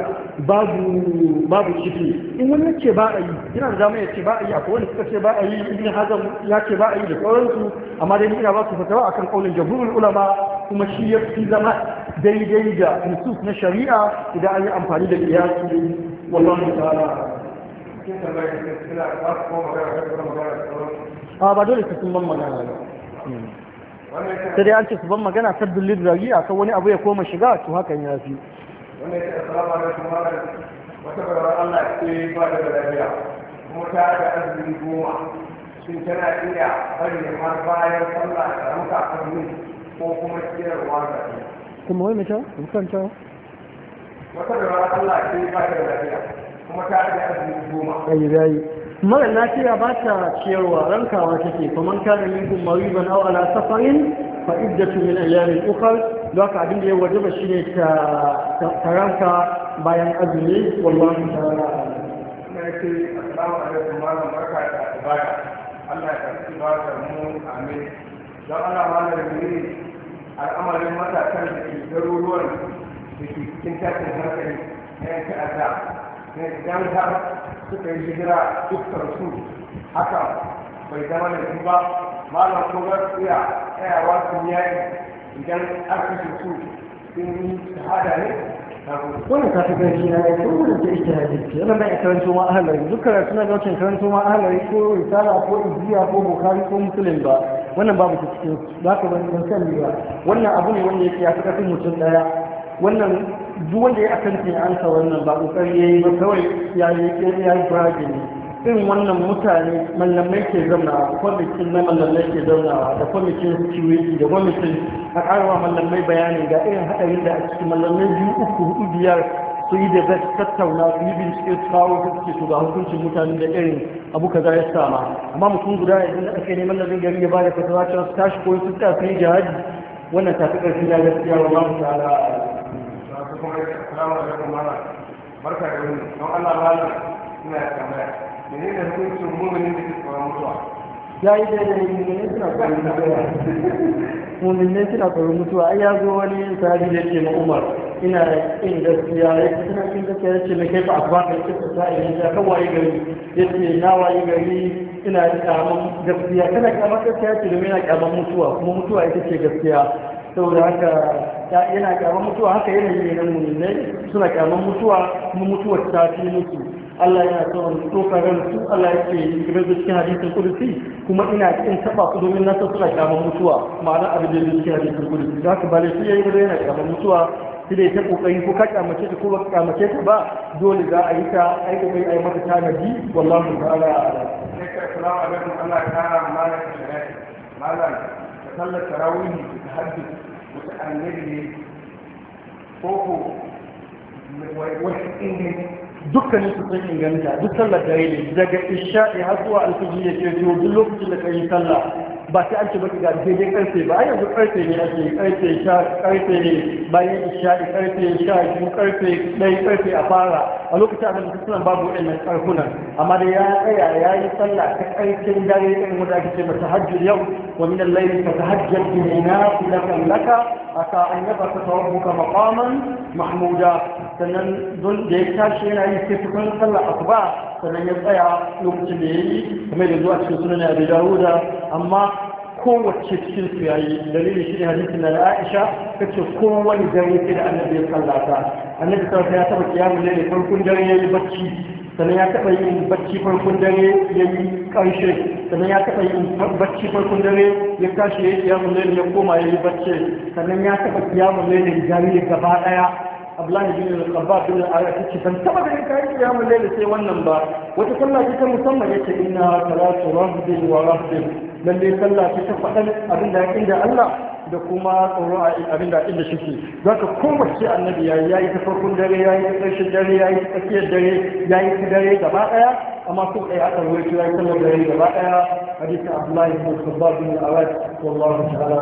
babu babu ciki in wani ce ba a yi ina da dama ya ce ba a yi akwai wanda suka ce ba a yi ibn hazam ya ce ba a yi da sauransu amma dai ina ba su fatawa akan kaulin jabulul ulama kuma shi ya fi zama daidai da nusus na shari'a idan an yi amfani da iyaki wallahi ta'ala a ba dole su sun ban magana ba sai dai an ce su ban magana sabbin lidragi a kan wani abu ya koma shiga to hakan ya fi wannan ya ce assalamu alaikum wata barar Allah ke ba da lafiya kuma ta da azumi goma shin tana iya bari har bayan sallah da kan azumi ko kuma ciyarwa da ne kuma wai mace ta wata barar Allah ke ba da lafiya kuma ta da azumi goma ayi mara lafiya ba ta ciyarwa rankawa take kuma kana minkum mariban aw ala safarin fa iddatu min ayyamin ukhra doka abin da ya wajaba shine ta ta ranka bayan azumi wallahi ta'ala nake assalamu alaikum malam barka da ibada Allah ya karbi ibadar mu amin dan Allah malam ne al'amarin matakan da ke garuruwan da ke cikin tashin hankali na yanki azab ne idan har suka yi hijira dukkan su hakan bai zama da ba malam ko za su iya tsayawa su yayi idan aka shi su sun yi shahada ne wannan ta fi ganci na ne ko wannan ta ita hadisi ce yana bai karanto ma ahalari dukkan suna da wancan karanto ma ahalari ko risala ko ibiya ko bukari ko musulun ba wannan babu ta cikin ba ka ban san ba wannan abu ne wanda yake ya fi karfin mutum ɗaya. wannan duk wanda ya akan ya ansa wannan ba kokari yayi ba kawai ya yi ya yi faraji ne irin wannan mutane mallamai ke zauna kwamitin na mallamai ke zauna da kwamitin security da kwamitin a karawa mallamai bayani ga irin haɗarin da a ciki mallamai biyu uku hudu biyar su yi da zai tattauna su yi bincike su kawo su suke su ga hukuncin mutane da irin abu kaza ya sama amma mutum guda yanzu da ake neman lalin gari ya ba da fasaha su tashi ko su tafi jihadi wannan tafi ƙarfi na gaskiya wa mamu ta'ala assalamu alaikum mana barka da wuni don Allah malam ina tambaya menene hukuncin mu'minin da ke tsoron mutuwa yayi daidai mu'minin suna tsoron mutuwa mu'minin suna tsoron mutuwa ai ya zo wani sahabi da ke na Umar ina kin gaskiya ya ce ina kin gaskiya ya ce na kai fa akwa ka ce ta ina ya kawai gari ya ce na wayi gari ina da kaman gaskiya kana kaman gaskiya ce domin ina kaman mutuwa kuma mutuwa ita ce gaskiya saboda haka yana kyaman mutuwa haka yanayi ne na muminai suna kyaman mutuwa kuma mutuwar ta fi mutu Allah yana son tsoka ran su Allah ya ce game da cikin hadisin kudusi kuma ina cikin taba su domin na san suna kyaman mutuwa ma'ana abin da cikin hadisin kudusi za ka bale shi yayi da yana kyaman mutuwa shi da ta kokari ko ka kyamace ta ko ba kyamace ta ba dole za a yi ta aika kai ai mata tanadi wallahi ta'ala a'lam assalamu alaikum Allah ya kara malaka shari'a malam sallar tarawih da tahajjud mutu annabi ne ko ko wasu ingin dukkanin su sun inganta duk sallar da ne daga isha'i har zuwa alfiji ya ce duk lokacin da kayi yi sallah ba sai an ce ba ga daidai karfe ba yanzu karfe ne ake karfe sha karfe ne bayan isha'i karfe sha biyu karfe ɗaya karfe a fara a lokacin abin da sunan babu waɗannan ƙarfunan amma da ya tsaya ya yi sallah ta ƙarfin dare irin wanda ake ce mata hajjul yau wa min al-layli fa tahajjal bi nafilatan laka aka an yaba ka tawabbuka maqaman mahmuda sannan don da ya tashi yana yi sai tukun sallah asuba sannan ya tsaya lokacin da ya yi kamar da zuwa cikin sunan Abi Dawud amma kowace cikin su yayi dalilin shi ne hadisin da Aisha kace kowane dare sai da Annabi ya ta Annabi ta ya taba kiyamu ne farkon dare ya yi bacci sannan ya taba yin bacci farkon dare ya yi karshe sannan ya taba yin bacci farkon dare ya tashi yayi kiyamu ne ya koma ya yi bacci sannan ya taba kiyamu ne ne gari gaba daya Abdullahi bin Al-Qabbab bin Al-Arab ce ban taba ganin kayan kiyamu ne sai wannan ba wata sallah ta musamman yace inna salatu rabbil wa rabbil lalle sallah ce ta faɗan abin da yakin da Allah da kuma tsoro abin da inda shi za ka koma ce annabi ya yi ta farkon dare ya yi ta ƙarshen dare ya yi ta tsakiyar dare ya yi ta dare gaba ɗaya amma sun ɗaya aka rubuta ya yi sallar dare gaba ɗaya hadisin Abdullahi bin Sabbah bin Awad wallahu ta'ala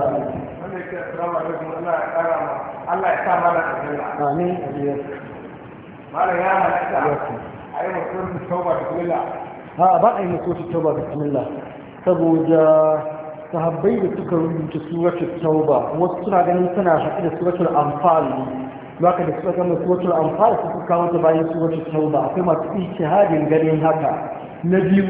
Allah ya sa mana aljanna amin malam ya halatta ayi mutum tauba da kulla ha ba a yi mutum tauba da kulla saboda sahabbai da suka rubuta suratul tauba wasu suna ganin suna haɗe da suratul anfal ka da suka gama suratul amfani suka kawo ta bayan suratul tauba akwai masu ijtihadin ganin haka na biyu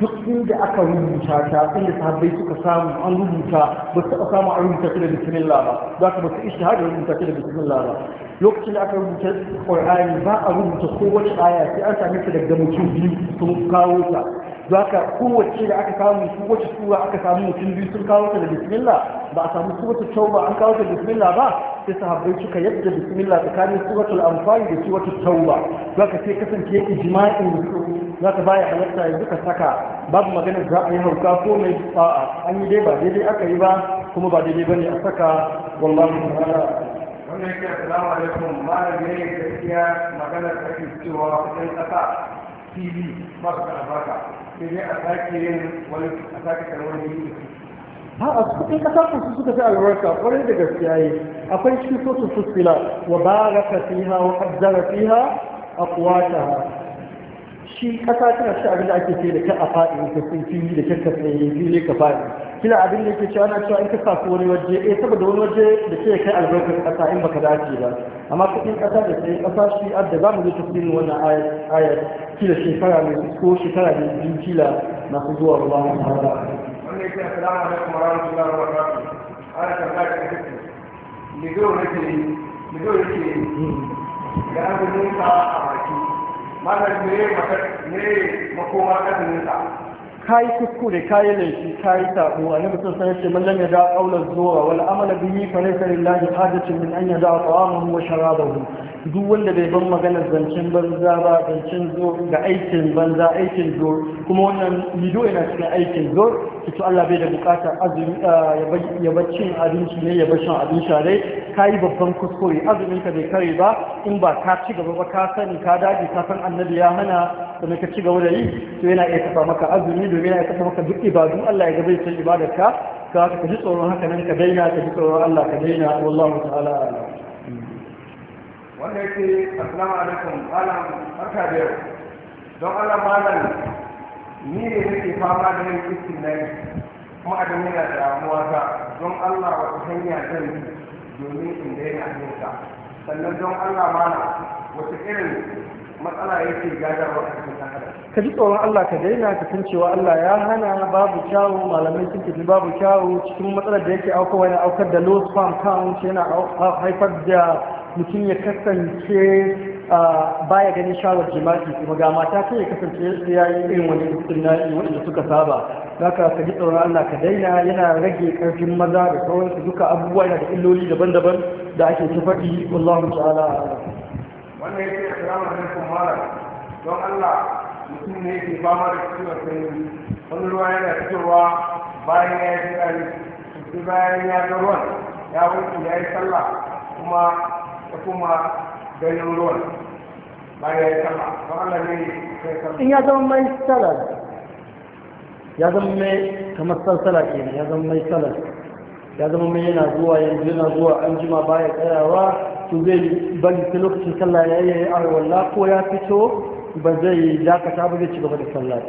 duk inda aka rubuta ta inda sahabbai suka samu an rubuta ba su taɓa samu an rubuta ta da bismillah ba za ka basu su ijtihadin rubuta ta da bismillah ba lokacin da aka rubuta qur'ani ba a rubuta kowace aya sai an same ta daga mutum biyu sun kawo ta za ka kowace da aka samu su wace sura aka samu mutum biyu sun kawo ta da bismillah ba a samu suratul tauba an kawo ta da bismillah ba sai sahabbai suka yadda bismillah tsakanin suratul amfani da suratul tauba za ka sai kasance ijma'in za ka baya halatta yanzu duka saka babu magana za a yi hauka ko mai a'a an yi dai ba daidai aka yi ba kuma ba daidai ne a saka wallahi ta'ala wannan yake assalamu alaikum malami ne gaskiya magana ta cewa kudin kasa tv ba su da albarka sai a sake yin wani a sake karwar yin ha a cikin kasar su suka fi albarka kwarai da gaskiya yi akwai shi so su fuskila wa baraka fiha wa qaddara fiha aqwataha shi kasa tana ci abin da ake ce da ka a faɗi da sun fili da ka tsaye fili ka faɗi kila abin da yake cewa ana cewa in ka sa wani waje eh saboda wani waje da ke kai albarkar kasa in baka dace ba amma cikin kasa da sai kasa shi adda za mu ji tafsirin wannan ayar kila shekara ne ko shekara ne biyu kila na masu zuwa ruwa mu fara wannan yake assalamu alaikum wa rahmatullahi wa barakatuh ana tambaya da kake ne go nake ne go nake ga azumin ka a baki mana ne ne makoma ka ne ka kayi kuskure kai laifi kayi sabo annabi sun san yace man lam yada qawla zuwa wal amala bihi fa laysa lillahi hajatun min an yada ta'amahu wa sharabahu duk wanda bai ban magana zancen banza ba zancen zo ga aikin banza aikin zo kuma wannan lido yana cikin aikin zo fito Allah bai da bukata azumi ah, ya cin abinci ne ya shan abin share ka yi babban kuskure azumin ka bai kare ba in ba ka ci gaba ba ka sani ka dage ka san annabi ya hana sannan ka ci gaba da yi to yana iya tafa maka azumi domin yana iya kafa maka duk ibadu Allah ya ga bai san ibadar ka ka ji tsoron haka nan ka daina ka ji tsoron Allah ka daina wallahu ta'ala wanda yake asalamu alaikum malam barka da yau don allah malam ni ne nake fama da yin yi kuma a yana da damuwa ta don allah wata hanya zan yi domin in daina yin sa sannan don allah malam wata irin matsala yake gajar a cikin ɗan ka ji tsoron Allah ka daina ka san cewa Allah ya hana babu kyawu malamai sun tafi babu kyawu cikin matsalar da yake auka wani aukar da low sperm count yana haifar da mutum ya kasance baya ganin shawar jima'i kuma ga mata sai ya kasance ya yi irin wani istinai wanda suka saba haka ka ji tsoron Allah ka daina yana rage karfin maza da sauransu duka abubuwa yana da illoli daban-daban da ake ta faɗi wallahu ta'ala wannan yake assalamu alaikum malam don Allah mutum ne yake fama da ciwon sanyi wani ruwa yana fitowa bayan ya yi tsari bayan ya ga ruwan ya wuce ya yi sallah kuma ka kuma ganyen ruwan bayan ya kama ba Allah ne ya zama mai ya zama mai kamar ya zama mai ya zama mai yana zuwa yanzu yana zuwa an jima baya tsayawa to zai bari ta lokacin sallah ya yi arwalla ko ya fito ba zai dakata ba zai ci gaba da sallah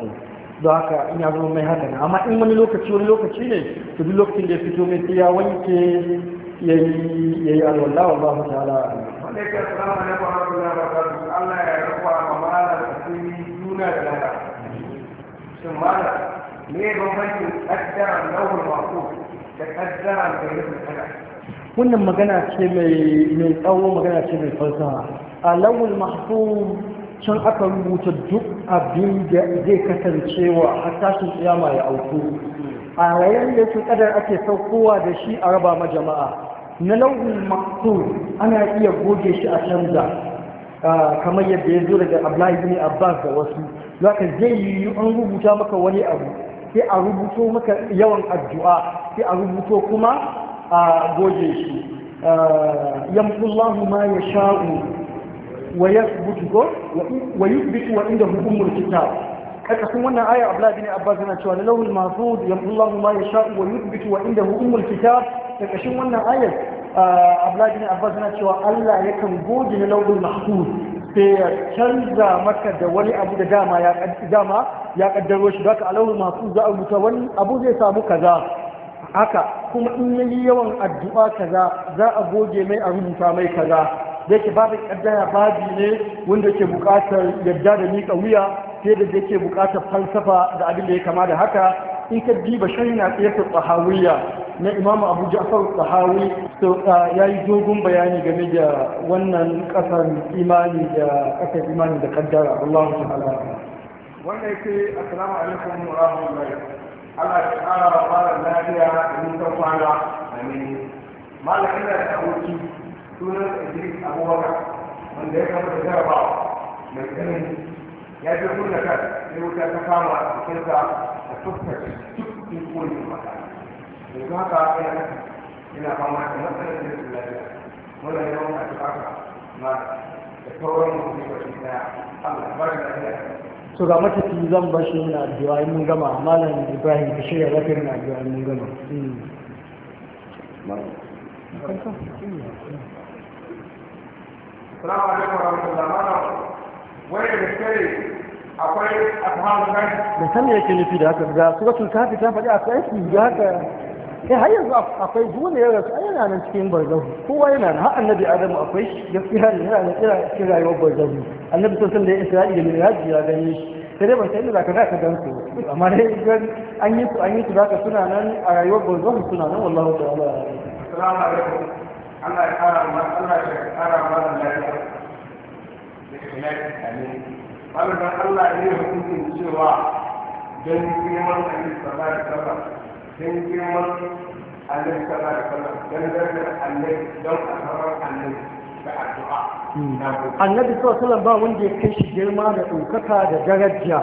don haka in ya zama mai haka amma in wani lokaci wani lokaci ne to duk lokacin da ya fito mai sai ya wanke ya yi alwala wa ba ta ala wanda ke salamu alaikum wa na wa barakatuh Allah ya rufa ma da asiri juna da nada shin malam me bambancin kaddara nau'ul maqut da kaddara da rufin kada wannan magana ce mai tsawo magana ce mai falsafa a lawul mahfuz can aka rubuta duk abin da zai kasancewa a tashin tsiyama ya auku a yayin da su kadar ake saukowa da shi a raba ma jama'a na lauhin maktur ana iya goge shi a canza kamar yadda ya zo daga abdullahi ibn abbas da wasu Za ka zai yi an rubuta maka wani abu sai a rubuto maka yawan addu'a sai a rubuto kuma a goge shi yamkullahu ma sha'u. wa wa wa inda hukumar kitab karkashin wannan aya abdullahi bin abbas yana cewa lawul mahfuz yamullahu ma yasha'u wa yuthbitu wa indahu ummul kitab karkashin wannan ayar abdullahi bin abbas yana cewa Allah yakan goge lawul mahfuz sai ya canza maka da wani abu da dama ya dama ya kaddaro shi haka lawul mahfuz za a rubuta wani abu zai samu kaza haka kuma in yayi yawan addu'a kaza za a goge mai a rubuta mai kaza da yake babu kaddara babi ne wanda ke bukatar yadda da mika wuya sai da yake bukatar falsafa da abin da ya kama da haka in ka diba shahina tsayar tsahawiyya na imam abu ja'far tsahawi to uh, ya yi dogon bayani game da wannan kasar imani da kasar imani da kaddara Allah ta'ala wannan yake assalamu alaikum wa rahmatullahi Allah ya kara wa lafiya da kwana amin da aboki sunan Idris Abubakar wanda ya kama da jarabawa mai tsanani ya je kunna kan sai wuta ta kama a cikinsa a tufkaci duk in mata yanzu haka yana yana fama da matsalar da su lafiya wanda ya wani a cikin ma da sauran mutum ba shi daya Allah ba shi lafiya to ga matafi zan ba shi yana addu'a mun gama malam Ibrahim ka shirya lafiyar na addu'a mun gama hmm. Assalamu alaikum warahmatullahi wabarakatuh wani da gaskare akwai ashabul kahfi da san yake nufi da haka ga suratul kahfi ta faɗi a akwai su da haka eh har yanzu akwai dole ya rasu yana nan cikin barzahu kowa yana nan har annabi adamu akwai shi gaskiya ne yana nan kira cikin rayuwar barzahu annabi sun san da isra'ila ne haji ya gani shi sai dai ban san inda zaka za ka gan su amma dai gan an yi su an yi su zaka suna nan a rayuwar barzahu suna nan wallahi ta'ala assalamu alaikum Allah ya kara Allah ya kara da lafiya ikhlasi amin wannan Allah ne hukuncin cewa don girman annabi sallallahu alaihi wasallam don girman annabi sallallahu alaihi wasallam don darajar annabi don alhamar annabi da addu'a annabi sallallahu alaihi wasallam ba wanda ya kai shi girma da ɗaukaka da daraja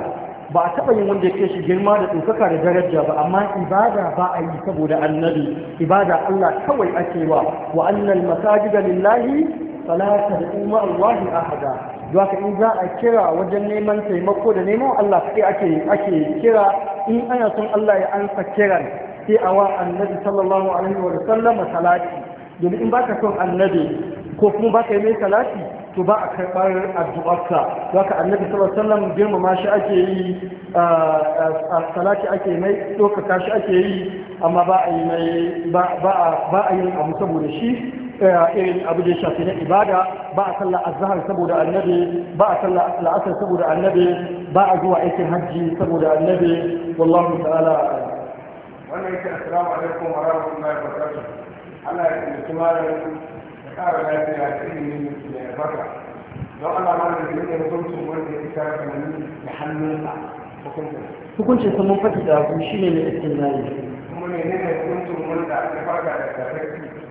ba a taɓa yin wanda yake shi girma da ɗaukaka da daraja ba amma ibada ba a yi saboda annabi ibada Allah kawai ake wa wa annal masajida lillahi fala tad'u ma Allah ahada don haka in za a kira wajen neman taimako da neman Allah sai ake ake kira in ana son Allah ya ansa kiran sai a wa annabi sallallahu alaihi wa sallam salati domin in baka son annabi ko kuma baka yi mai salati to ba a karɓar addu'arka don haka annabi sallallahu alaihi wa sallam girmama shi ake yi a salati ake mai ɗaukaka shi ake yi amma ba a yi mai ba a yin abu saboda shi irin abu da shafi na ibada ba a azhar saboda annabi ba a sallar la'asar saboda annabi ba a zuwa aikin hajji saboda annabi wallahu ta'ala wannan yake assalamu alaikum wa rahmatullahi wa barakatuh Allah ya tsinci malamin da kara lafiya ilimi da barka don Allah malamin da yake mutuncin wanda ya tsara tunani da hannunsa hukuncin hukuncin sun mun fadi da shi ne mai istinari kuma ne ne hukuncin wanda ya farka da tafi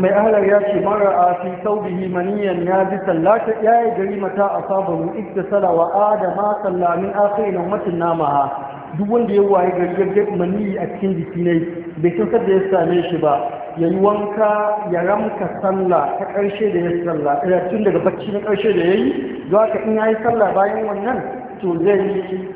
mai ahalar ya ce mara a fi saubihi maniyan ya ji sallata ya yi gari mata a sabon ikta salawa a da ma sallamin akai na matin nama duk wanda ya waye gari ya maniyi a cikin jiki ne bai san sadda ya same shi ba ya yi wanka ya ramka sallah ta karshe da ya sallah tun daga bacci na karshe da ya yi zuwa ka in ya yi sallah bayan wannan to zai yi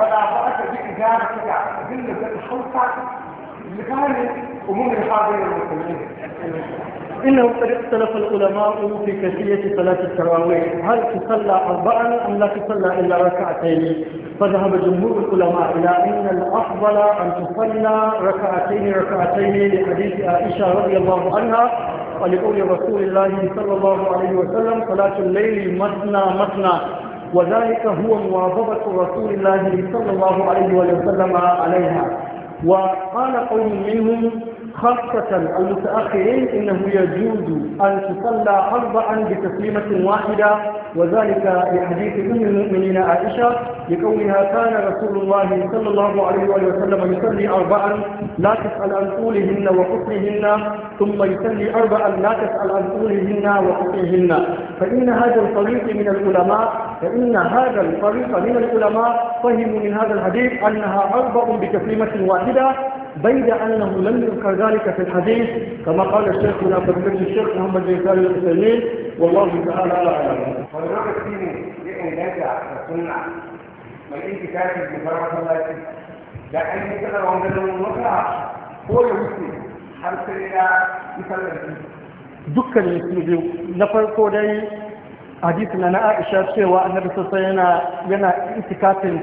ولا بأس بإجابة ذلة الخلطة لغاية أمور الحاضرين المسلمين إنه قد اختلف العلماء في كيفية صلاة التراويح هل تصلى أربعا أم لا تصلى إلا ركعتين فذهب جمهور العلماء إلى أن الأفضل أن تصلى ركعتين ركعتين لحديث عائشة رضي الله عنها ولقول رسول الله صلى الله عليه وسلم صلاة الليل مثنى مثنى وذلك هو مواظبة رسول الله صلى الله عليه وسلم عليها وقال قوم منهم خاصة المتأخرين إنه يجوز أن تصلى أربعا بتسليمة واحدة وذلك لحديث أم المؤمنين عائشة لكونها كان رسول الله صلى الله عليه وآله وسلم يصلي أربعا لا تسأل عن طولهن وقصرهن ثم يصلي أربعا لا تسأل عن طولهن وقصرهن فإن هذا الطريق من العلماء فإن هذا الطريق من العلماء فهموا من هذا الحديث أنها أربع بتسليمة واحدة بيد أنه لم يذكر ذلك في الحديث كما قال الشيخ من أفضل الشيخ محمد بن سالم الأسلمين والله تعالى أعلم. فالرغم الديني لإنجاز السنة ما الانتكاس المفرغة الله ده أي كده لو عندنا المطلع هو المسلم حرص إلى مثل dukkan mutum biyu na farko dai hadisi na Aisha cewa annabi sassa yana yana itikafin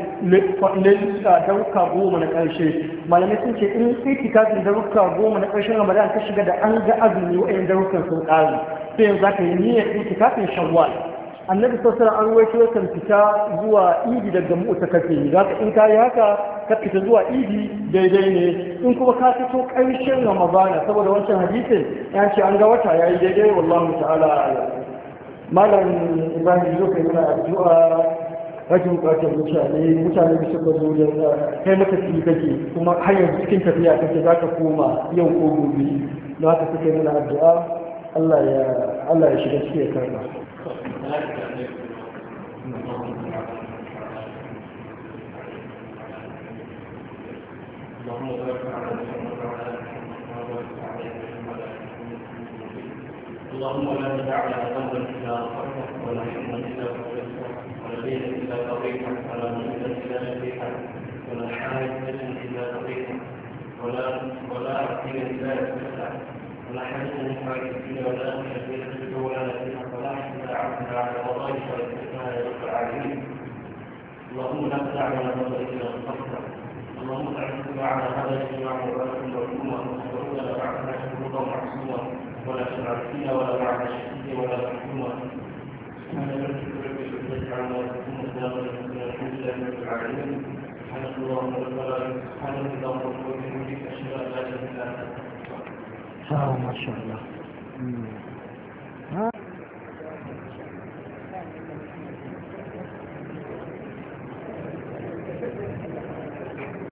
dauka goma na ƙarshe malamai sun ce in itikafin dauka goma na ƙarshen Ramadan ka shiga da an ga azumi wa'in daukan sun ƙari sai yanzu ka yi niyyar itikafin Shawwal annabi sassa an waito ya kan fita zuwa idi daga mu'ta kafe za ka in kayi haka ka fita zuwa idi daidai ne in kuma ka fito ƙarshen Ramadan saboda wancan hadisin ya ce an ga wata yayi daidai wallahu ta'ala malam ibrahim zo kai mana addu'a rashin bukatar mutane mutane da suka zo da kai maka ciki kake kuma hanyar cikin tafiya kake za ka koma yau ko gobe Na haka suka yi addu'a Allah ya Allah ya shiga cikin karba اللهم لا تدع لنا ذنبا الا غفرته ولا حما الا غفرته ولا دينا الا قضيته ولا ملكا الا شفيته ولا حاجه الا قضيته ولا ولا عقيلا الا يسرته ولا حاجه من حاجه ولا امل الا تجده ولا نسيها ولا حسن عبدنا على قضائك ويسرتها يا رب العالمين اللهم لا تدع لنا ذنبا الا غفرته اللهم اعتقنا على هذا الاجتماع مباركا مرحوما وارزقنا بعدها شهودا معصوما ولا تعرفين ولا بعد شقي ولا محكومة سبحان الله رب العزة عما يصفون السلام عليكم الحمد لله رب العالمين سبحانك اللهم رب العالمين سبحانك اللهم رب العالمين أشهد أن لا إله إلا أنت ما شاء الله